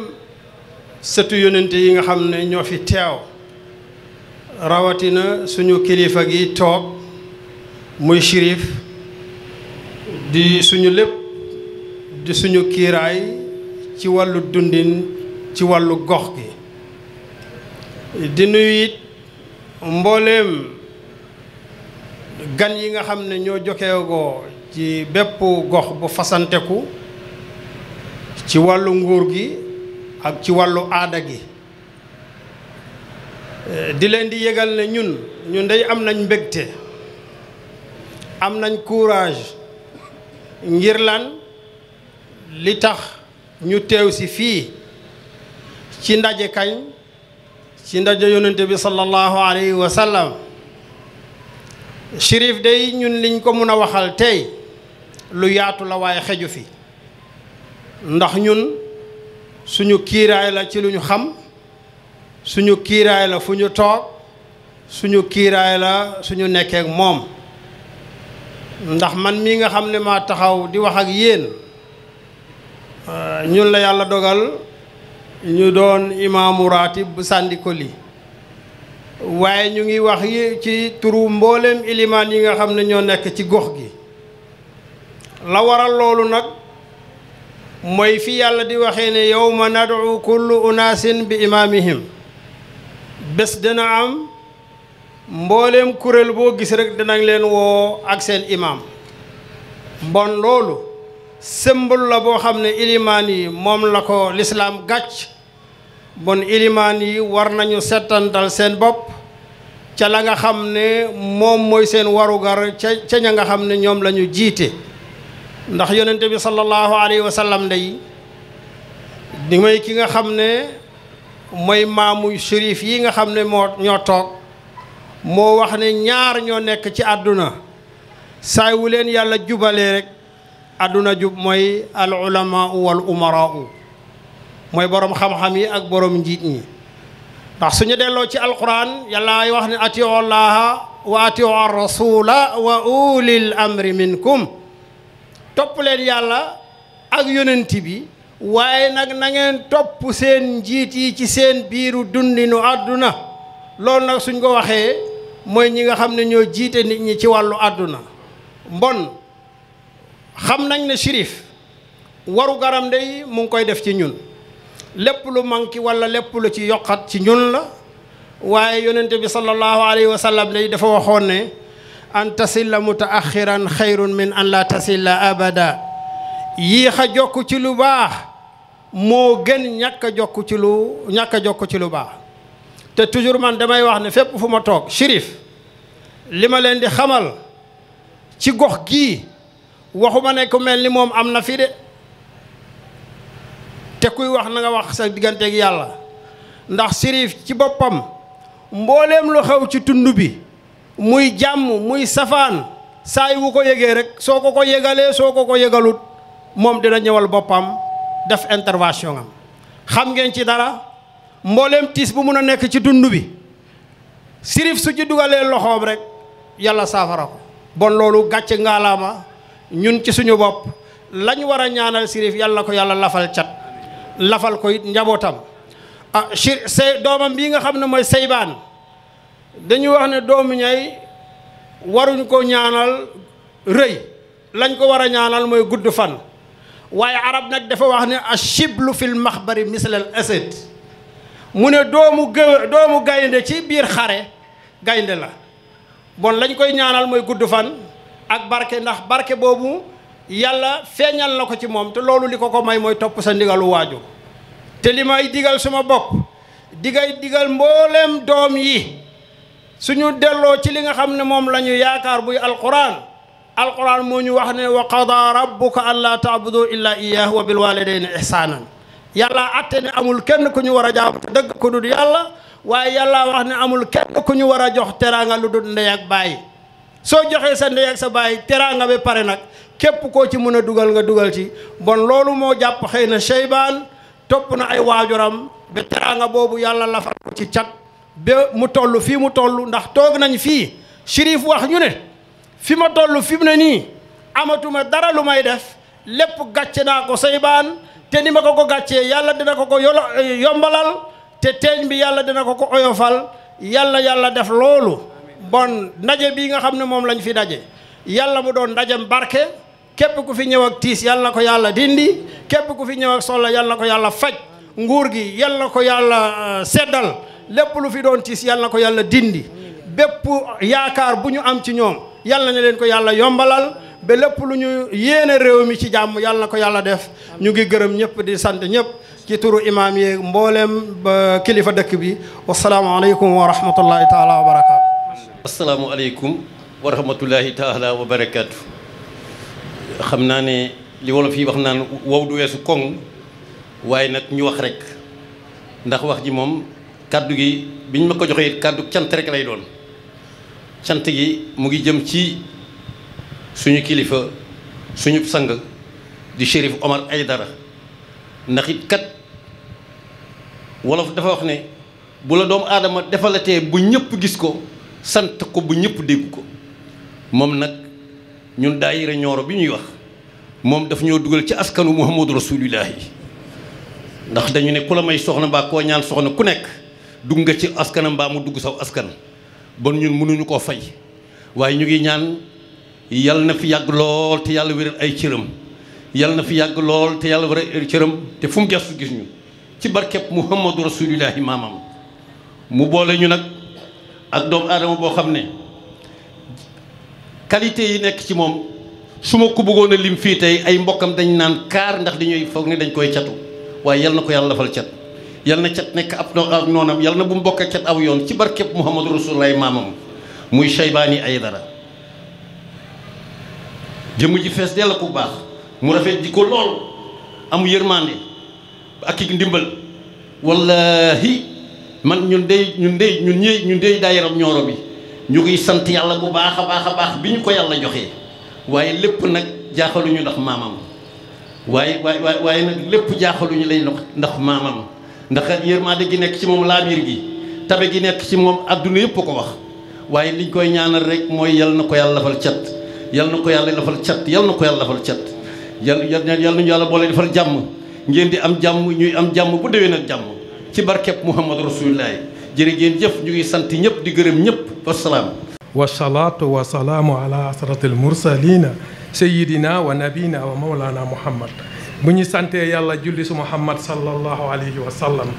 sëtu yonente yi nga xam ne ñoo fi teew rawatina suñu kilifa gi toog muy shérif di suñu lépp di suñu kiiraay ci wàllu dundin ci wàllu gox gi di nuyu it mbooleem gan yi nga xam ne ñoo jokeegoo ci bépp gox bu fasanteku ci wàllu nguur gi ak ci wàllu aada gi eh, di leen di yëgal ne ñun ñu day am nañ mbégte am nañ courage ngir lan li tax ñu teew si fii ci ndaje kañ ci ndaje yonente bi sallallahu alayhi wa Chérif dey ñun liñ ko mën a waxal tey lu yaatu la waaye xeju fi ndax ñun suñu kiiraay la ci lu ñu xam suñu kiiraay la fu ñu suñu kiiraay la suñu nekkee moom ndax man mii nga xam ne maa taxaw di wax ak yéen euh, ñun la yàlla dogal ñu doon imaamu ratib bu sàndiko li waaye ñu ngi wax yi ci turu mboolem ilimaan yi nga xam ne ñoo nekk ci gox gi la waral loolu nag mooy fi yàlla di waxe ne yawma nad'u kullu unaasin bi imaamihim bés dana am mboolem kuréel boo gis rek dinañ leen woo ak seen imaam mbon loolu sëmbul la boo xam ne ilimaan yi moom la ko lislaam gàcc bon ilimaan yi war nañu settantal seen bopp ca la nga xam ne moom mooy seen warugar ca ca ña nga xam ne ñoom lañu jiite ndax yonent bi sallallahu alayhi wa sallam di may ki nga xam ne mooy maamu shérif yi nga xam ne moo ñoo toog moo wax ne ñaar ñoo nekk ci àdduna saay leen yàlla jubalee rek àdduna jub mooy al ulamaa wal mooy boroom xam-xam yi ak borom njiit ñi ndax suñu delloo ci alquran yàllaay wax ne atiu allaha wa atiu rasula wa ulil amri minkum topp leen yàlla ak yonent bi waaye nag nangeen topp seen njiit yi ci seen biiru dundinu àdduna loolu nag suñ ko waxee mooy ñi nga xam ne ñoo jiite nit ñi ci wàllu àdduna mbon xam nañ ne shérif waru garam day mu ngi koy def ci ñun lépp lu manqué walla lépp lu ci yokkat ci ñun la waaye yonent bi sallallahu alayhi wa sallam day dafa waxoon ne an tasilla mutaaxiran xayrun min an la abada yéex a jokk ci lu baax moo gën ñàkk jokk ci lu ñàkk jokk ci lu baax te toujours man damay wax ne fépp fu ma toog shérif li ma leen di xamal ci gox gii waxuma ne ku mel ni moom am na fi de te kuy wax na nga wax sa digganteeg yàlla ndax sirif ci boppam mbooleem lu xew ci tund bi muy jàmm muy safaan saay wu ko yëgee rek soo ko ko yëgalee soo ko ko yëgalut moom dina ñëwal boppam def intervention am xam ngeen ci dara mbooleem tiis bu mun a nekk ci tund bi sirif su ci dugalee loxoom rek yàlla saafara ko bon loolu gàcc ngaalaama ñun ci suñu bopp lañu war a ñaanal sirif yàlla ko yàlla lafal cat lafal ko it njabootam ah say doomam bii nga xam ne mooy seybaan dañu wax ne doomu ñay waruñ ko ñaanal rëy lañ ko war a ñaanal mooy gudd fan waaye arab nag dafa wax ne lu shiblu fil bari mislal asad mu ne doomu gë doomu gaynde ci biir xare gaynde la bon lañ koy ñaanal mooy gudd fan ak barke ndax barke boobu yàlla feeñal na ko ci moom te loolu li ko ko may mooy topp sa ndigalu waajur te li may digal suma bopp digay digal mbooleem doom yi suñu delloo ci li nga xam ne moom la yaakaar buy alquran alquran moo ñu wax ne wa qada rabbuka allaa taabudu illaa iyaahu bil walidayni ihsaanan yàlla atte ne amul kenn ku ñu war a jaamu te dëgg ku dul yàlla waaye yàlla wax ne amul kenn ku ñu war a jox teraanga lu dul ndey ak bàyyi soo joxee sa ndey sa bàyyi teraanga pare nag képp koo ci mën a dugal nga dugal ci bon loolu moo jàpp xëy na Cheybaan topp na ay waajuram ba boobu yàlla lafal ko ci cat ba mu toll fii mu toll ndax toog nañ fii Chérif wax ñu ne fi ma toll fi mu ne nii amatuma dara lu may def lépp gàcce naa ko Cheybaan te ni ma ko ko gàccee yàlla dina ko ko yombalal te teeñ bi yàlla dina ko ko oyofal yàlla yàlla def loolu bon ndaje bii nga xam ne moom lañ fi daje yàlla mu doon ndajem barke képp ku fi ñëw tiis yal na ko yàlla dindi képp ku fi ñëw ak soxla yal na ko yàlla faj nguur gi yal na ko yàlla euh, seddal lépp lu fi doon tiis yal na ko yàlla dindi bépp yaakaar bu ñu am ci ñoom yal na ñu leen ko yàlla yombalal ba lépp lu ñu yéene réew mi ci jàmm yal na ko yàlla def ñu ngi gërëm ñëpp di sant ñëpp ci turu imaam yeeg mbooleem kilifa dëkk bi wasalaamaaleykum wa rahmatullahi taala wa barakaatu. asalaamualeykum wa barakaatu. xam naa ne li wolof yi wax naan wow du weesu koŋ waaye nag ñu wax rek ndax wax ji moom kàddu gi biñ ma ko joxee kàddu cant rek lay doon cant gi mu ngi jëm ci suñu kilifa suñu sang di Chérif Omar Aydara ndax it kat wolof dafa wax ne bu la doomu aadama defalatee bu ñëpp gis ko sant ko bu ñëpp dégg ko moom nag ñun daayira ñooro bi ñuy wax moom daf ñoo dugal ci askanu muhammadu rasulillahi ndax dañu ne ku la may soxna mbaa koo ñaan soxna ku nekk dugg nga ci askana mbaa mu dugg saw askan bon ñun mënuñu koo fay waaye ñu ngi ñaan yal na fi yàgg lool te yàlla wéral ay cëram yal na fi yàgg lool te yàlla wéral ay cëram te fu mu gestu gis ñu ci barkeb muhammadu rasulillahi maamam mu boole ñu nag ak doomu aadama boo xam ne qualité yi nekk ci moom su ma ko bëggoon lim fii tey ay mbokkam dañ naan kaar ndax dañuy foog ni dañ koy catu waaye yal na ko yàlla dafal cat yal na cat nekk ab ab noonam yal na bu mu bokk ak cat aw yoon ci barkeb Muhammadu ay maamam muy ay dara jëmm ji fees dell ku baax mu rafet di ko lool amu yërmande ak i ndimbal wallahi man ñun dey ñun dey ñun ñëy ñun dey daayiram ñooro bi ñu ngi sant yàlla bu baax a baax a baax bi ñu ko yàlla joxee waaye lépp nag jaaxaluñu ndax maamam waaye waaye waaye nag lépp jaaxaluñu lañ ndax maamam ndax yërmaande gi nekk ci moom laabiir gi tabe gi nekk ci moom adduna yëpp ko wax waaye liñ koy ñaanal rek mooy yal na ko yàlla defal cat yal na ko yàlla defal cat yal na ko yàlla defal cat yal yal nañu yàlla boole defal jàmm ngeen di am jàmm ñuy am jàmm bu déwee nag jàmm ci barkeb Muhammad Rasulullah jërë ngeen jëf ñu ngi sant ñëpp di gërëm ñëpp wasalaam wasalaatu wasalaamu ala asratil mursalina sayidina wa nabina wa mawlana muhammad bu ñu santee yàlla julli su muhammad sallallahu alayhi wa sallam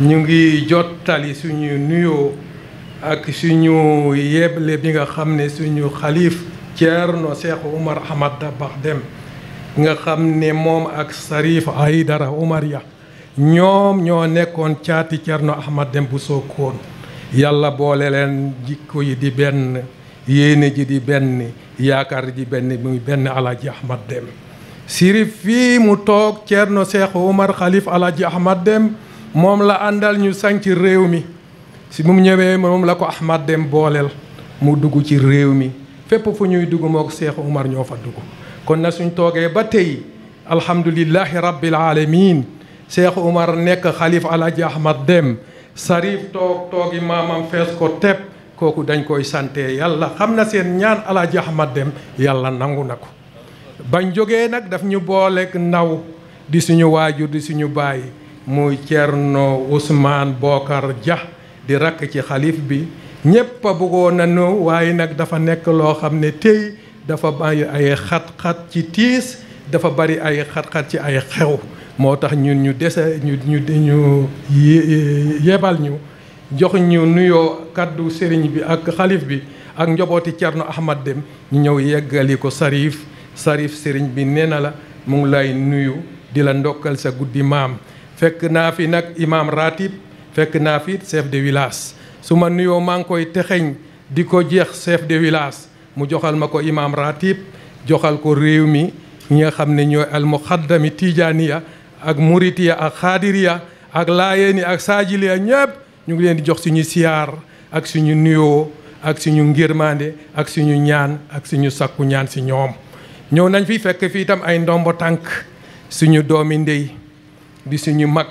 ñu ngi jottali suñu nuyoo ak suñu yeble bi nga xam ne suñu xalif Ceerno Cheikh Oumar Ahmad Dabakh Deme nga xam ne moom ak Sarif Aydara Oumar ya ñoom ñoo nekkoon caati Cerno Ahmad Dem bu Sokone yàlla boole leen jikko yi di benn yéene ji di benn yaakaar di benn muy benn Alaaji Ahmad Dem sirif fii mu toog Cerno Seexu Umar Xalif Alaaji Ahmad Dem moom la àndal ñu sanc réew mi si mu ñëwee moom la ko Ahmad Dem booleel mu dugg ci réew mi fépp fu ñuy dugg mook Seexu Umar ñoo fa dugg kon na suñ toogee ba tey alhamdulillahi rabbil alamin Cheikh Oumar nekk xalif Alaaji Ahmad Dem Sarif toog toogi maamam fees ko tepp kooku dañ koy sante yàlla xam na seen ñaan Alaaji Ahmad Dem yàlla nangu na ko bañ jóge nag daf ñu booleek ndaw di suñu waajur di suñu baay muy noo Ousmane Bokar ja di rakk ci xalif bi ñépp a bëggoon nañu waaye nag dafa nekk loo xam ne tey dafa bari ay xat-xat ci tiis dafa bari ay xat-xat ci ay xew moo tax ñun ñu dese ñu ñu ñu yebal ñu jox ñu nuyoo kàddu sëriñ bi ak xalif bi ak njobooti Cerno Ahmad Dem ñu ñëw yeggali ko Sarif Sarif sëriñ bi nee na la mu ngi lay nuyu di la ndokkal sa guddi maam fekk naa fi nag imam ratib fekk naa fi chef de village su ma nuyoo maa ngi koy texeñ di ko jeex chef de village mu joxal ma ko imam ratib joxal ko réew mi ñi nga xam ne ñooy almuxaddami ya ak muritiya ak xaadiriya ak laayeeni ak saajiliya ñëpp ñu ngi leen di jox suñu siyaar ak suñu nuyoo ak suñu ngirmaande ak suñu ñaan ak suñu sakku ñaan si ñoom ñëw nañ fi fekk fii itam ay ndombo tànk suñu doomi ndey di suñu mag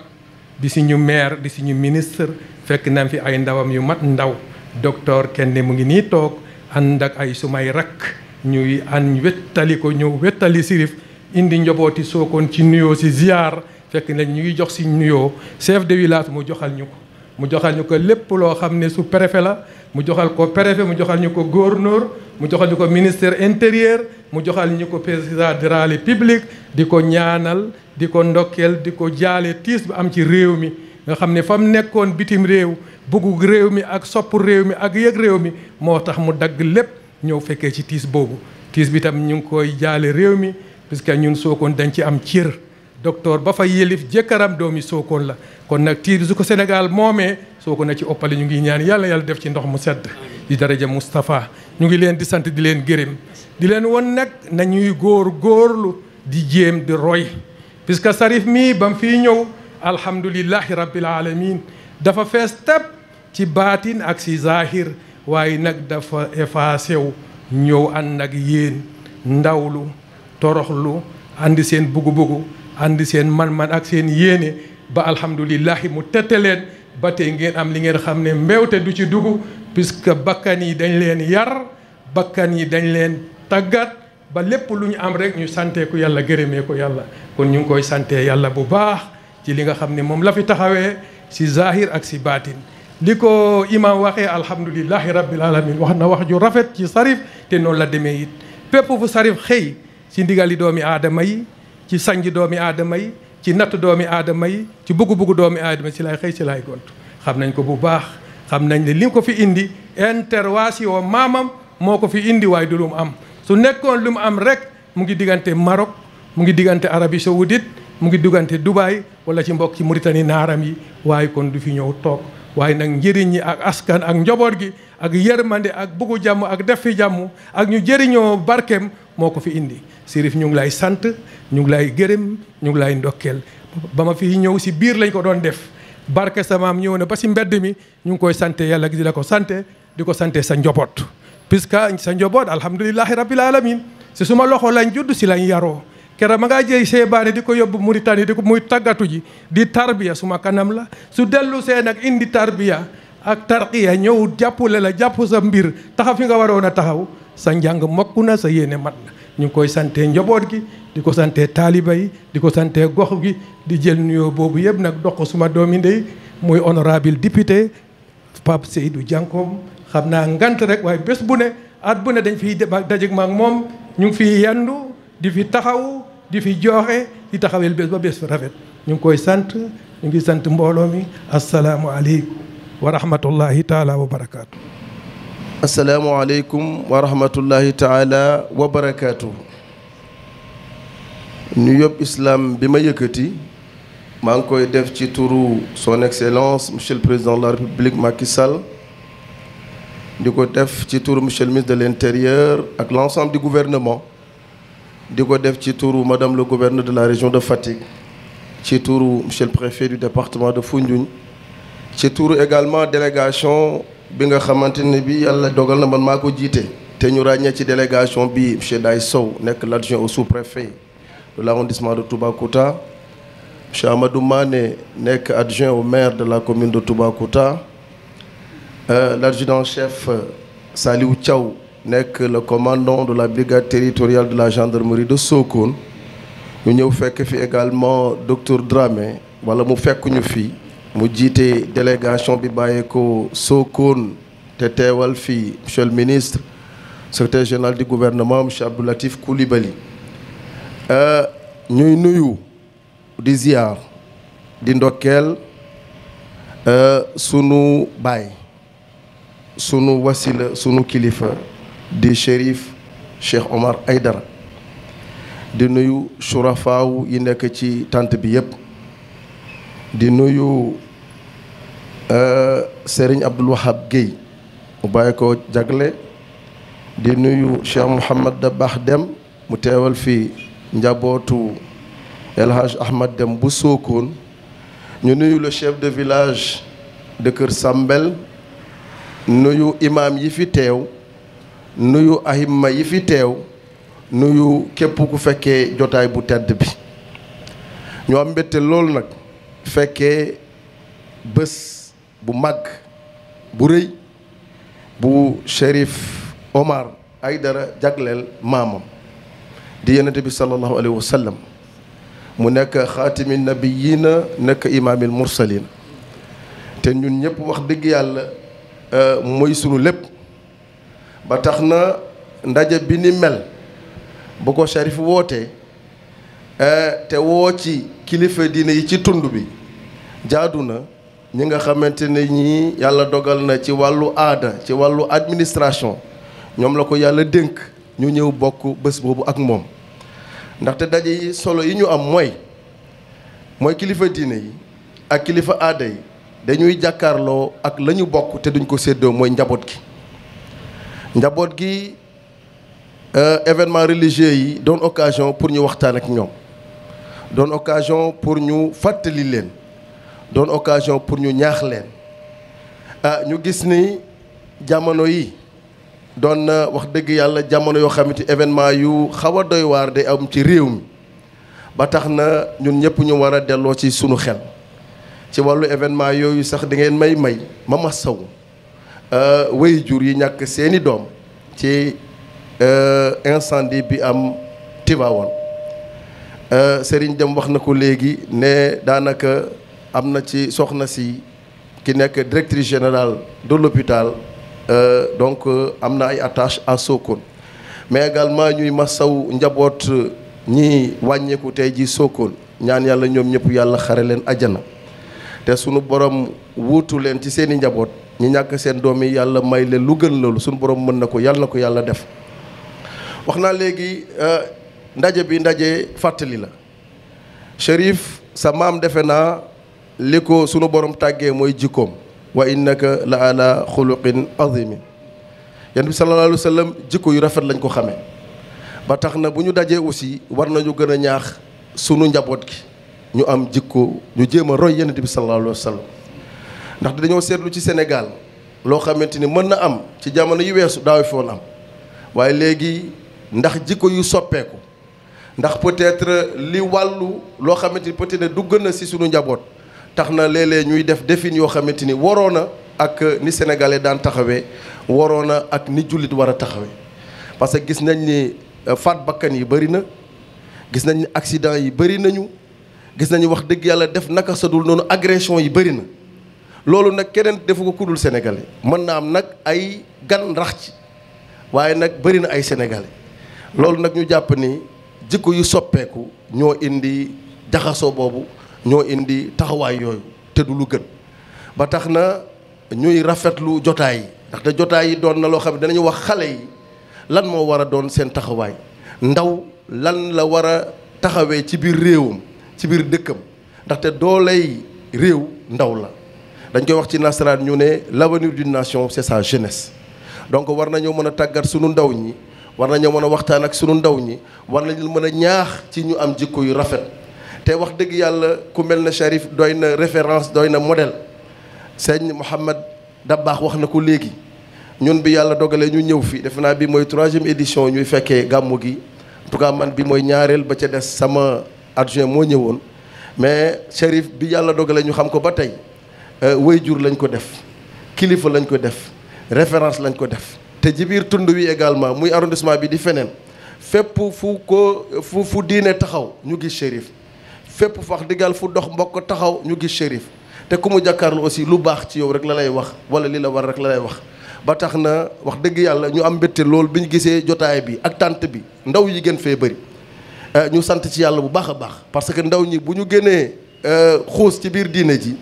di suñu maire di suñu ministre fekk nañ fi ay ndawam yu mat ndaw docteur kenn mu ngi nii toog ànd ak ay sumay rakk ñuy an wettali ko ñëw wettali sirif indi soo koon ci nuyoo si ziar fekk nañ ñu ngi jox si nuyoo chef de village mu joxal ñu ko mu joxal ko lépp loo xam ne su préfet la mu joxal ko préfet mu joxal ñu ko gouverneur mu joxal ñu ko ministère intérieur mu joxal ñu ko président de la di ko ñaanal di ko ndokkeel di ko jaale tiis bi am ci réew mi nga xam ne fa mu nekkoon bitim réew buggu réew mi ak sopp réew mi ak yëg réew mi moo tax mu dagg lépp ñëw fekkee ci tiis boobu tiis bi itam ñu ngi koy jaale réew mi puisque ñun Sokone dañ ci am cir docteur ba fa yëlif jëkkëram doomi Sokone la kon nag tiir su ko Sénégal moomee Sokone na ci oppale ñu ngi ñaan yàlla yàlla def ci ndox mu sedd di daraja Moustapha ñu ngi leen di sant di leen gërëm di leen won nag nañuy góor góorlu di jéem di roy puisque Sarif mii ba mu fiy ñëw alhamdulillahi rabbil alamin dafa fees tepp ci baatin ak si zahir waaye nag dafa effacé wu ñëw an ak yéen ndawlu toroxlu andi seen bugu-bugu andi seen man-man ak seen yéene ba alhamdulilahi mu tette leen ba te ngeen am li ngeen xam ne mbewte du ci dugg puisque bakkan yi dañ leen yar bakkan yi dañ leen tàggat ba lépp lu ñu am rek ñu sante ku yàlla gërëmee ko yàlla kon ñu ngi koy sante yàlla bu baax ci li nga xam ne moom la fi taxawee si zahir ak si baatin li ko imam waxee alhamdulilahi rabbil alamin wax na wax ju rafet ci sarif te noonu la demee it fépp fu sarif xëy ci ndigali doomi aadama yi ci sanj doomi aadama yi ci natt doomi aadama yi ci bugg-bugg doomi aadama ci laay xëy ci laay gont xam nañ ko bu baax xam nañ ne li ko fi indi intervention maamam moo ko fi indi waaye du lu mu am su nekkoon lu mu am rek mu ngi diggante Maroc mu ngi diggante Arabie Saoudite mu ngi diggante Dubaï wala ci mbokk ci Mauritanie naaram yi waaye kon du fi ñëw toog waaye nag njëriñ yi ak askan ak njaboot gi ak yërmande ak bëggu jàmm ak def fi jàmm ak ñu jëriñoo barkeem moo ko fi indi Chérif ñu ngi lay sant ñu ngi lay gërëm ñu ngi lay ndokkeel ba ma fi ñëw si biir lañ ko doon def barke sama am ñëw na ba si mbedd mi ñu ngi koy sante yàlla di la ko sante di ko sante sa njoboot puisque sa njoboot alhamdulilahi rabbil alamin si suma loxo lañ judd si lañ yaroo kera ba ngaa jëy seebaane di ko yóbbu Mauritanie di ko muy tàggatu ji di tarbiya suma kanam la su dellu see nag indi tarbiya ak tarqiya ñëw jàppule la jàpp sa mbir taxaw fi nga waroon a taxaw sa njàng mokku na sa yéene mat na ñu koy sante njaboot gi di ko sante taaliba yi di ko sante gox gi di jël nuyoo boobu yëpp nag dox ko suma doomi ndey muy honorable député Pape Seydou Diankom xam naa ngant rek waaye bés bu ne at bu ne dañ fiy dajeg maak moom ñu ngi fiy yandu di fi taxaw di fi jooxe di taxawel bés ba bés fa rafet ñu ngi koy sant ñu ngi sant mbooloo mi asalaamualeykum wa rahmatullahi taala wa barakaatu. asalaamualeykum wa rahmatullahi taala wa barakaatu. nu yóbbu islam bi ma yëkkati maa ngi koy def ci turu son excellence monsieur le président de la république Macky Sall. di ko def ci turu monsieur le ministre de l'intérieur ak l'ensemble du gouvernement. di ko def ci turu madame le gouverneur de la région de Fatick. ci turu monsieur le préfet du département de Foundiougne. ci tuuru également délégation bi nga xamante ne bi yàlla dogal na man maa ko jiite te ñu ràññee ci délégation bi monsieur Daye Sow nekk l'adjoint au sous-préfet de l'arrondissement de Toubacouta monsieur Amadou Mané nekk adjoint au maire de la commune de Toubacouta euh, l'adjudant chef Saliou caw nekk la commandant de la brigade territoriale de la gendarmerie de Sokone ñu ñëw fekk fi également docteur Dramé wala mu fekkuñu ñu fii mu jiite délégation bi bàyyeekoo Sokone te teewal fi monsieur le ministre secrétaire général du gouvernement monsieur Abdou Latif Coulibaly euh, ñuy nuyu di ziar di ndokkeel euh, sunu baay sunu wasila sunu kilifa di shérif Cheikh Omar Aydara di nuyu surafaaw yi nekk ci tànt bi yépp di nuyu Euh, Serigne Abdoul Wahab Guèye mu bàyyi ko jagle di nuyu Cheikh Mouhamad Dabakh Dem mu teewal fii njabootu El Hadj Ahmad Dem bu Sokone ñu nuyu le chef de village de Kër Sambel nuyu imaam yi fi teew nuyu ahimma yi fi teew nuyu képp ku fekkee jotaay bu tedd bi ñu am mbette loolu nag fekkee bés bu mag bu rëy bu Chérif Omar dara jagleel maamam di yonent bi sallallahu alayhi wa mu nekk xaatimi nabiyina nekk imaamil mursalin te ñun ñëpp wax dëgg yàlla euh, mooy sunu lépp ba tax na ndaje bi ni mel bu ko Chérif wootee euh, te woo ci kilifa diine yi ci tund bi jaadu na ñi nga xamante ne ñii yàlla dogal na ci wàllu aada ci wàllu administration ñoom la ko yàlla dénk ñu ñëw bokk bés boobu ak moom ndaxte daje yi solo yi ñu am mooy mooy kilifa diine yi ak kilifa aada yi dañuy jàkkaarloo ak la ñu bokk te duñ ko séddoo mooy njaboot gi njaboot gi euh, événement religieux yi doon occasion pour ñu waxtaan ak ñoom doon occasion pour ñu fàttali leen doon occasion pour ñu ñaax leen ah ñu gis ni jamono yi doon na wax dëgg yàlla jamono yoo xamante événement yu xaw a doy day am ci réew mi ba tax na ñun ñëpp ñu war a delloo ci sunu xel ci wàllu événement yooyu sax di may may ma masaw ah, wéy jur yi ñàkk seeni doom ci ah, incendie bi am Tivaouane ah, Serigne Dem wax na ko léegi ne daanaka am na ci soxna si ki nekk directrice générale de l'hôpital euh, donc euh, am na ay attache à Sokone mais également ñuy masaw njaboot euh, ñi wàññeeku tey jii Sokone ñaan yàlla ñoom ñëpp yàlla xare leen ajana te sunu borom wuutu leen ci seen i njaboot ñi ñàkk seen doom yi yàlla may leen lu gën loolu suñu borom mën na ko yàlla ko yàlla def wax naa léegi ndaje bi ndaje fàttali la Chérif sa maam defe naa li ko sunu borom tàggee mooy jikkoom wa innaka la ala xuluqin azimi yonent bi sallallahu alayhi jikko yu rafet lañ ko xamee ba tax na bu ñu dajee aussi war nañu gën a ñaax sunu njaboot gi ñu am jikko ñu jéem a roy yonent bi sallallahu alayhi wa sallam ndax dañoo seetlu ci Sénégal loo xamante ni mën na am ci jamono yu weesu daaw foon am waaye léegi ndax jikko yu soppeeku ndax peut-être li wàllu loo xamante ni peut-être dugg na si sunu njaboot tax na léeg-léeg ñuy def defin yoo xamante ni waroon na ak ni sénégalais daan taxawee waroon na ak ni jullit war a taxawee parce que gis nañ ni euh, faat bakkan yi bëri na gis nañ ni accident yi bëri nañu gis nañu wax dëgg yàlla def naka sadul noonu agression yi bëri na loolu nag keneen defu ko kudul sénégalais mën na am nag ay gan rax ci waaye nag bëri na ay sénégalais loolu nag ñu jàpp ni jikko yu soppeeku ñoo indi jaxasoo boobu ñoo indi taxawaay yooyu te du lu gën ba tax na ñuy rafetlu jotaay yi ndaxte jotaay yi doon na loo xam ne danañu wax xale yi lan moo war a doon seen taxawaay ndaw lan la war a taxawee ci biir réewam ci biir dëkkam ndaxte dooley réew ndaw la dañ koy wax ci nasaraan ñu ne l'avenir d'une nation c'est sa jeunesse donc war nañoo mën a tàggat sunu ndaw ñi war nañoo mën a waxtaan ak sunu ndaw ñi war nañu mën a ñaax ci ñu am jikko yu rafet te wax dëgg yàlla ku mel na Cherif doy na référence doy na modèle sëñ Mouhamad Dabakh wax na ko léegi ñun bi yàlla dogalee ñu ñëw fii def naa bi mooy troisième édition ñuy fekkee gàmmu gi en man bi mooy ñaareel ba ca des sama adjoint moo ñëwoon mais Cherif bi yàlla dogalee ñu xam ko ba tey euh, way jur lañ ko def kilifa lañ ko def référence lañ ko def te ci biir tund wi également muy arrondissement bi di feneen fépp fu ko fu fu diine taxaw ñu gis Cherif fépp fax digal fu dox mbokk taxaw ñu gis shérif te ku mu jàkkaarlu aussi lu baax ci yow rek la lay wax wala li la war rek la lay wax ba tax na wax dëgg yàlla ñu am mbétte loolu bi ñu gisee jotaay bi ak tànt bi ndaw yi gën fee bari euh, ñu sant ci yàlla bu baax a baax parce que ndaw ñi bu ñu gënee euh, xuus ci biir diine ji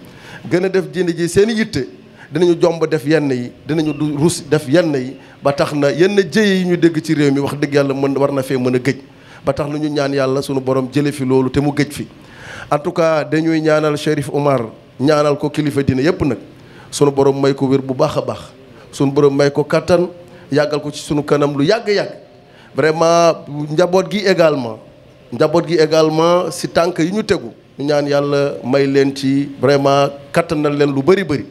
gën a def diine ji seen yitte dinañu jomb def yenn yi dinañu du rus def yenn yi ba tax na yenn jëye yi ñu dégg ci réew mi wax dëgg yàlla mën war na fee mën a gëj ba tax na ñu ñaan yàlla sunu borom jële fi loolu te mu gëj fi en tout cas dañuy ñaanal Chérif Omar ñaanal ko kilifa dina yépp nag sunu borom may ko wér bu baax a baax sunu borom may ko kàttan yàggal ko ci sunu kanam lu yàgg-yàgg vraiment njaboot gi également njaboot gi également si tànk yi ñu tegu ñaan yàlla may leen ci vraiment kattanal leen lu bari bëri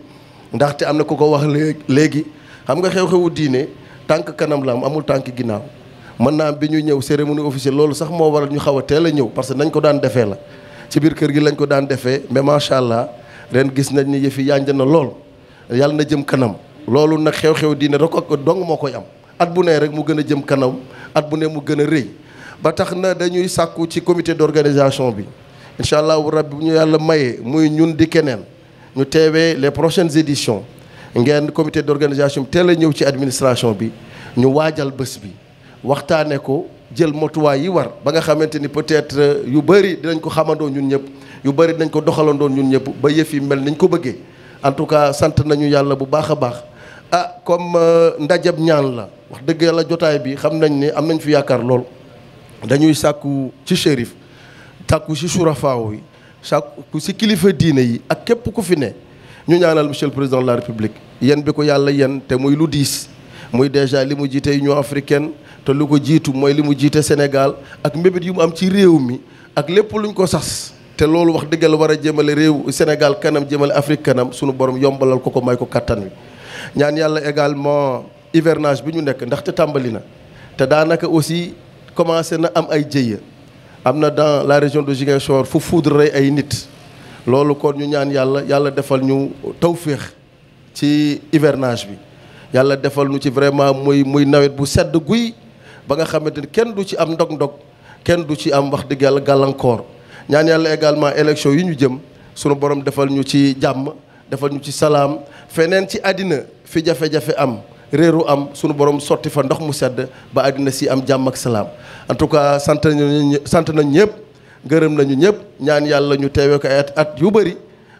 ndaxte am na ku ko wax léegi xam nga xew-xewu diine tànk kanam la am amul tànk ginnaaw mën naa bi ñu ñëw cérémonie officielle loolu sax moo waral ñu xaw a teel a ñëw parce que nañ ko daan defee la ci biir kër gi lañ ko daan defee mais macha allah ren gis nañ ni yëfi yànj na lool yàlla na jëm kanam loolu nag xew-xew diine rek ak dong moo koy am at bu ne rek mu gën a jëm kanam at bu ne mu gën a rëy ba tax na dañuy sàkku ci comité d'organisation bi incha allah rabbi bu ñu yàlla mayee muy ñun di keneen ñu teewee les prochaines éditions ngeen comité d'organisation bi teel a ñëw ci administration bi ñu waajal bés bi waxtaanee ko. jël motuwaay yi war ba nga xamante ni peut-être euh, yu bëri dinañ ko xamandoo ñun ñëpp yu bëri dinañ ko doxalandoo ñun ñëpp ba yëf yi mel nañ ko bëggee en tout cas sant nañu yàlla bu baax a baax ah comme euh, ndajab ñaan la wax dëgg yàlla jotaay bi xam nañ ne am nañ fi yaakaar lool dañuy sàkku ci shérif sàkku ci surafaaw yi sàkku ci kilifa diine yi ak képp ku fi ne ñu ñaanal monsieur le président de la république yéen bi ko yàlla yen te muy lu diis muy déjà li mu jiite Union africaine te lu ko jiitu mooy li mu jiite Sénégal ak mbébét yu mu am ci réew mi ak lépp luñ ko sas te loolu wax dëggal war a jëmale réew Sénégal kanam jëmale Afrique kanam suñu borom yombalal ko ko may ko kàttan wi ñaan yàlla également hivernage bi ñu nekk ndaxte tàmbali na te daanaka aussi commencé na am ay jéya am na dans la région de Ziguinchor fu foudre rey ay nit loolu kon ñu ñaan yàlla yàlla defal ñu tawféex ci hivernage bi yàlla defal ñu ci vraiment muy muy nawet bu sedd guy ba nga xamante ni kenn du ci am ndog-ndog kenn du ci am wax dëgg yàlla gàllankoor ñaan yàlla également élection yi ñu jëm sunu borom defal ñu ci jàmm defal ñu ci salaam feneen ci àddina fi jafe-jafe am réeru am sunu borom sotti fa ndox mu sedd ba àddina si am jàmm ak salaam en tout cas sant nañu sant nañ ñëpp gërëm nañu ñëpp ñaan yàlla ñu teewee ko ay at at yu bëri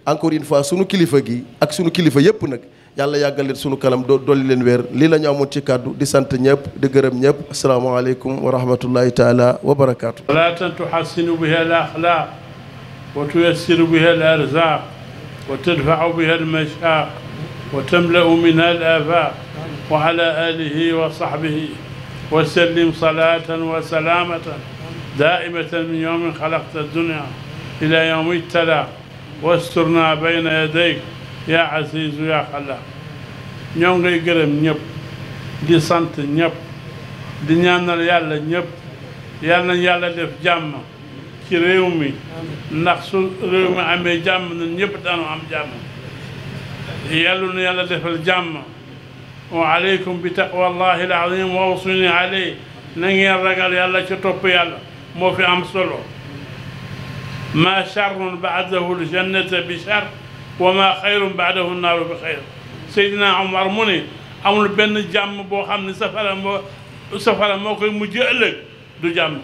encore une fois sunu kilifa gi ak sunu kilifa yëpp nag. yàlla yàggal leen sunu kanam doo dolli leen wér lii la ñu amoon ci kàddu di sant ñëpp di gërëm ñëpp asalaamaaleykum wa rahmatullahi taala wa barakaatu. salaatan tuxassinu biha al axlaaq wa tuyassiru biha al arzaaq wa tadfaau biha al mashaaq wa tamlau minha al aafaaq wa ala aalihi wa saxbihi wa sallim salaatan wa salaamatan daa'imatan min yawmi xalaqta dunya ilaa yawmi talaaq wasturna bayna yadayk yaa azizu yaa xalla ñoo ngay gërëm ñëpp di sant ñëpp di ñaanal yàlla ñëpp yal na yàlla def jàmm ci réew mi ndax su réew mi amee jàmm na ñëpp daanu am jàmm yàlla na yàlla defal jàmm wa aleykum bi taqwallahi alazim wa usuni aley na ngeen ragal yàlla ci topp yàlla moo fi am solo ma charrun baadahu ljannata bi charr wa ma xayrun baadahu naaru bi xayr Seydina Omar mu ne amul benn jàmm boo xam ne safara moo safara moo koy mujj ëllëg du jàmm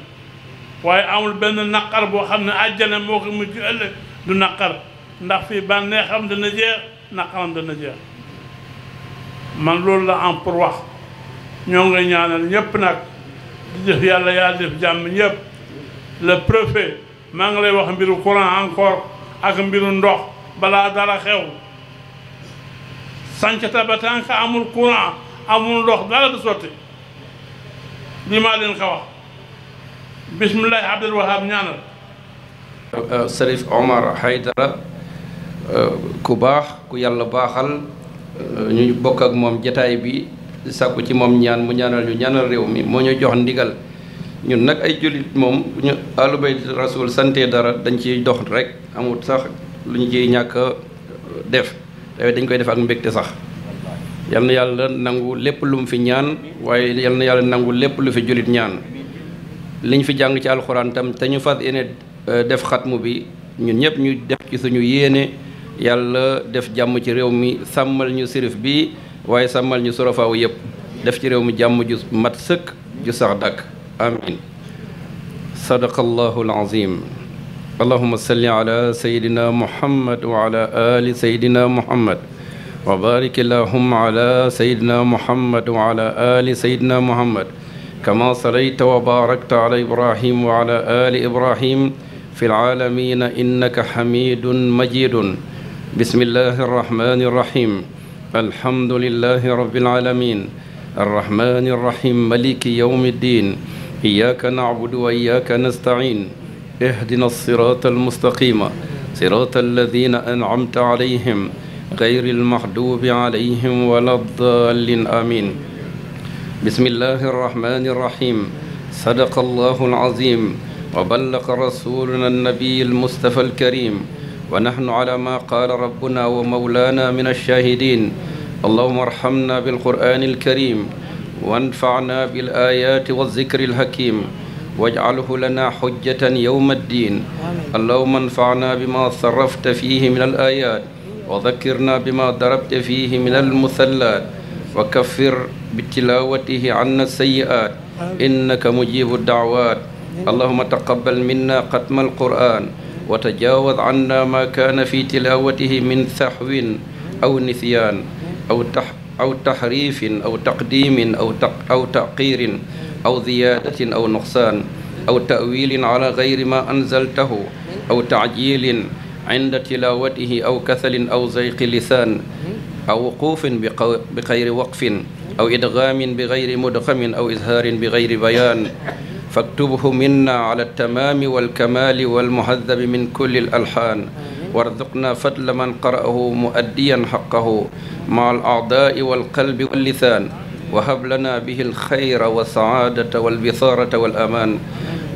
waaye amul benn naqar boo xam ne àjjana moo koy mujj ëllëg du naqar ndax fii bànneexam dana jeex naqaram dana jeex man loolu la am pour wax ñoo ngi ñaanal ñëpp nag di def yàlla yaa def jàmm ñëpp le préfet maa ngi lay wax mbiru courant encore ak mbiru ndox balaa dara xew sancata ba tànk amul courant amul ndox dara du sotti li maa leen ko wax bismillahi abdul ñaanal euh, Serif Omar Haydara euh, ku baax ku yàlla baaxal euh, ñu bokk ak moom jataay bi sàkku ci moom ñaan mu ñaanal ñu ñaanal réew mi moo ñu jox ndigal ñun nag ay jullit moom ñu alu bayt rasul sante dara dañ ciy dox rek amut sax lu ñu ciy ñàkk def te dañ koy def ak mbégte sax yal na yàlla nangu lépp lu mu fi ñaan waaye yal na yàlla nangu lépp lu fi jullit ñaan liñ fi jàng ci alxuraan tam te ñu fas yéene euh, def xatmu bi ñun ñëpp ñu def ci suñu yéene yàlla def jàmm ci réew mi sàmmal ñu sirif bi waaye sàmmal ñu sorofaaw yëpp def ci réew mi jàmm ju mat sëkk ju sax dakk amin sadaqallahu alazim allahuma salli ala sayidina muhammad wa ala ali sayidina muhammad wa barik allahuma ala sayidina muhammad wa ala ali sayidina muhammad kama salayta wa barakta ala ibrahim wa ala ali ibrahim fi laalamina innaka xamidun majidun bismillahi arrahmani irrahim alhamdulilahi rabbil alamin arrahmani irrahim maliki yawmi ddin iyaka nacbudu wa iyaka nastain اهدنا الصراط المستقيم صراط الذين أنعمت عليهم غير المحدوب عليهم ولا الضالين آمين بسم الله الرحمن الرحيم صدق الله العظيم وبلغ رسولنا النبي المصطفى الكريم ونحن على ما قال ربنا ومولانا من الشاهدين اللهم ارحمنا بالقرآن الكريم وانفعنا بالآيات والذكر الحكيم واجعله لنا حجة يوم الدين اللهم انفعنا بما صرفت فيه من الآيات وذكرنا بما ضربت فيه من المثلات وكفر بتلاوته عنا السيئات إنك مجيب الدعوات اللهم تقبل منا ختم القرآن وتجاوز عنا ما كان في تلاوته من سحو أو نسيان أو تح أو تحريف أو تقديم أو تق أو تأقير أو زيادة أو نقصان أو تأويل على غير ما أنزلته أو تعجيل عند تلاوته أو كسل أو زيق لسان أو وقوف بغير وقف أو إدغام بغير مدغم أو إزهار بغير بيان فاكتبه منا على التمام والكمال والمهذب من كل الألحان وارزقنا فضل من قرأه مؤديا حقه مع الأعضاء والقلب واللسان وهب لنا به الخير والسعادة والبصارة والأمان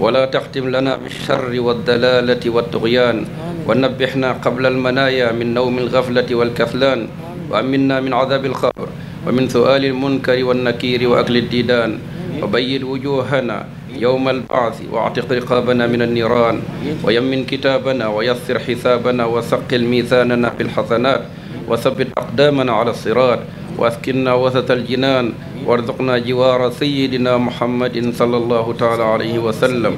ولا تختم لنا بالشر والدلالة والطغيان ونبحنا قبل المنايا من نوم الغفلة والكسلان وأمنا من عذاب الخبر ومن سؤال المنكر والنكير وأكل الديدان وبين وجوهنا يوم البعث واعتق رقابنا من النيران ويمن كتابنا ويسر حسابنا وثقل ميزاننا بالحسنات وثبت أقدامنا على الصراط واسكننا وسط الجنان وارزقنا جوار سيدنا محمد صلى الله تعالى عليه وسلم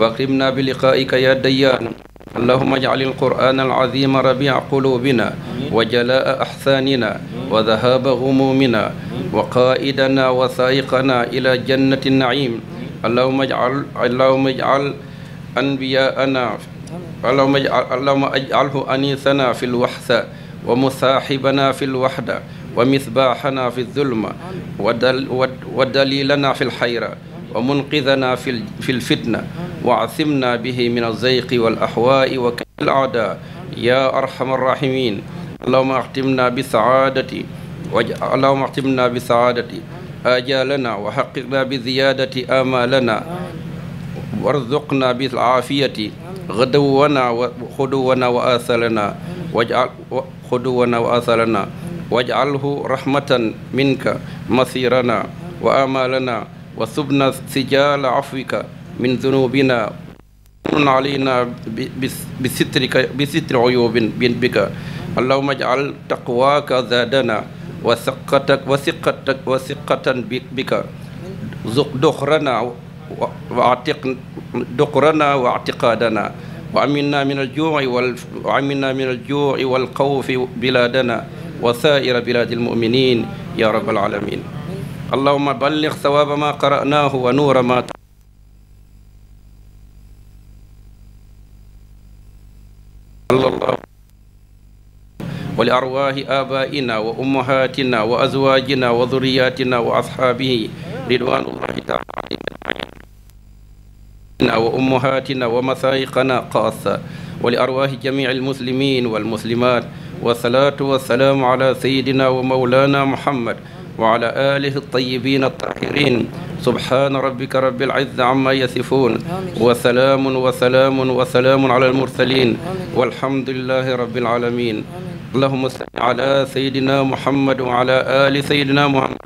واكرمنا بلقائك يا ديان اللهم اجعل القرآن العظيم ربيع قلوبنا وجلاء أحساننا وذهاب غمومنا وقائدنا وسائقنا إلى جنة النعيم اللهم اجعل اللهم اجعل أنبياءنا اللهم اجعل اللهم اجعله أنيسنا في الوحدة ومصاحبنا في الوحدة wa misbaaxana fi zulma wa dalilana fi lxayra wa munqidana fi lfitna wa asimna bihi min alzayqi walaxwaai wa kaydi alaada ya arxama arrahimin allahuma axtimna bisaadati allahuma axtimna bisaadati ajalana wa xaqiqna biziyadati amalana warzuqna bilcaafiyati gaduwana wa xuduwana wa asalana wajal xuduwana wa asalana waj'alhu rahmatan minka masirana wa amalana wa subna sijala afwika min dunubina nun alayna bisitrika bisitri uyubin bika allahumma ij'al taqwaka zadana wa siqatak wa siqatak wa siqatan bika zuq duxrana wa atiq duqrana wa atiqadana wa aminna min alju'i wal aminna min alju'i wal khawfi biladana wa saa'ira bilaadi almuminin ya rabbal alamin allahuma ballig sawaaba ma qara'naahu wa nuura ma ولأرواح آبائنا وأمهاتنا وأزواجنا وذرياتنا وأصحابه رضوان الله تعالى عليهم وأمهاتنا ومشايخنا خاصة ولأرواح جميع المسلمين والمسلمات wasalaatu wasalaamu ala sayidina wa maulana muhammad wa ala alihi altayibiin altahirin subhaana rabbika rabbil izza amma yasifuun wa salaamun wa salaamun wa salaamun ala almursalin walhamdulilahi rabbil alamin allahuma salli ala sayidina muhammad wa ala ali sayidina muhammad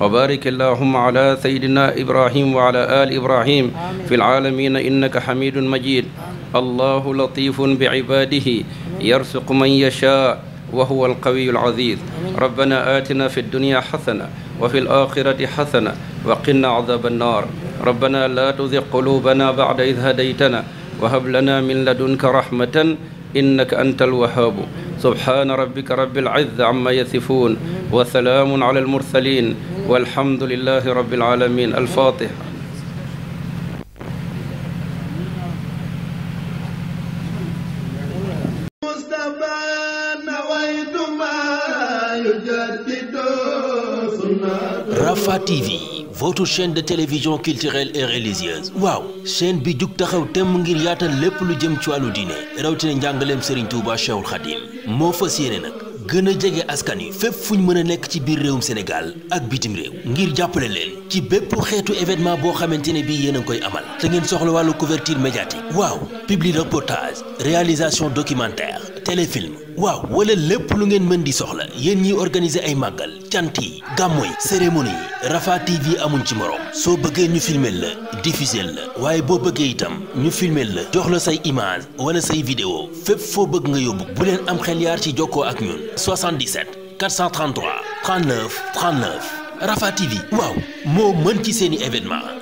wa barik allahuma ala sayidina ibrahim wa ala ali ibrahim fi alaalamina innaka hamidun majid allahu latifun bi ibadihi يرزق من يشاء وهو القوي العزيز ربنا آتنا في الدنيا حسنة وفي الآخرة حسنة وقنا عذاب النار ربنا لا تزغ قلوبنا بعد إذ هديتنا وهب لنا من لدنك رحمة إنك أنت الوهاب سبحان ربك رب العزة عما يصفون وسلام على المرسلين والحمد لله رب العالمين الفاتحة TV votre chaîne de télévision culturelle et religieuse waaw chaîne bi jug taxaw temm ngir yaatal lépp lu jëm ci wàllu diine rawatina njàngaleem Serigne Touba Cheikhul Khadim moo fas yéene nag gën a jege askan wi fépp fu ñu mën a nekk ci biir réewum Sénégal ak bitim réew ngir jàppale leen ci bépp xeetu événement boo xamante ne bii yéen a koy amal te ngeen soxla wàllu couverture médiatique waaw publi reportage réalisation documentaire téléfilm waaw wala lépp lu ngeen mën di soxla yéen ñiy organiser ay màggal cant yi gàmmu yi cérémonie yi Rafah TV amuñ ci morom soo bëggee ñu filmer la diffuser la waaye boo bëggee itam ñu filmer la jox la say image wala say vidéo fépp foo bëgg nga yóbbu bu leen am xel ci jokkoo ak ñun 77 433 39 39 Rafah TV waaw moo mën ci seeni événement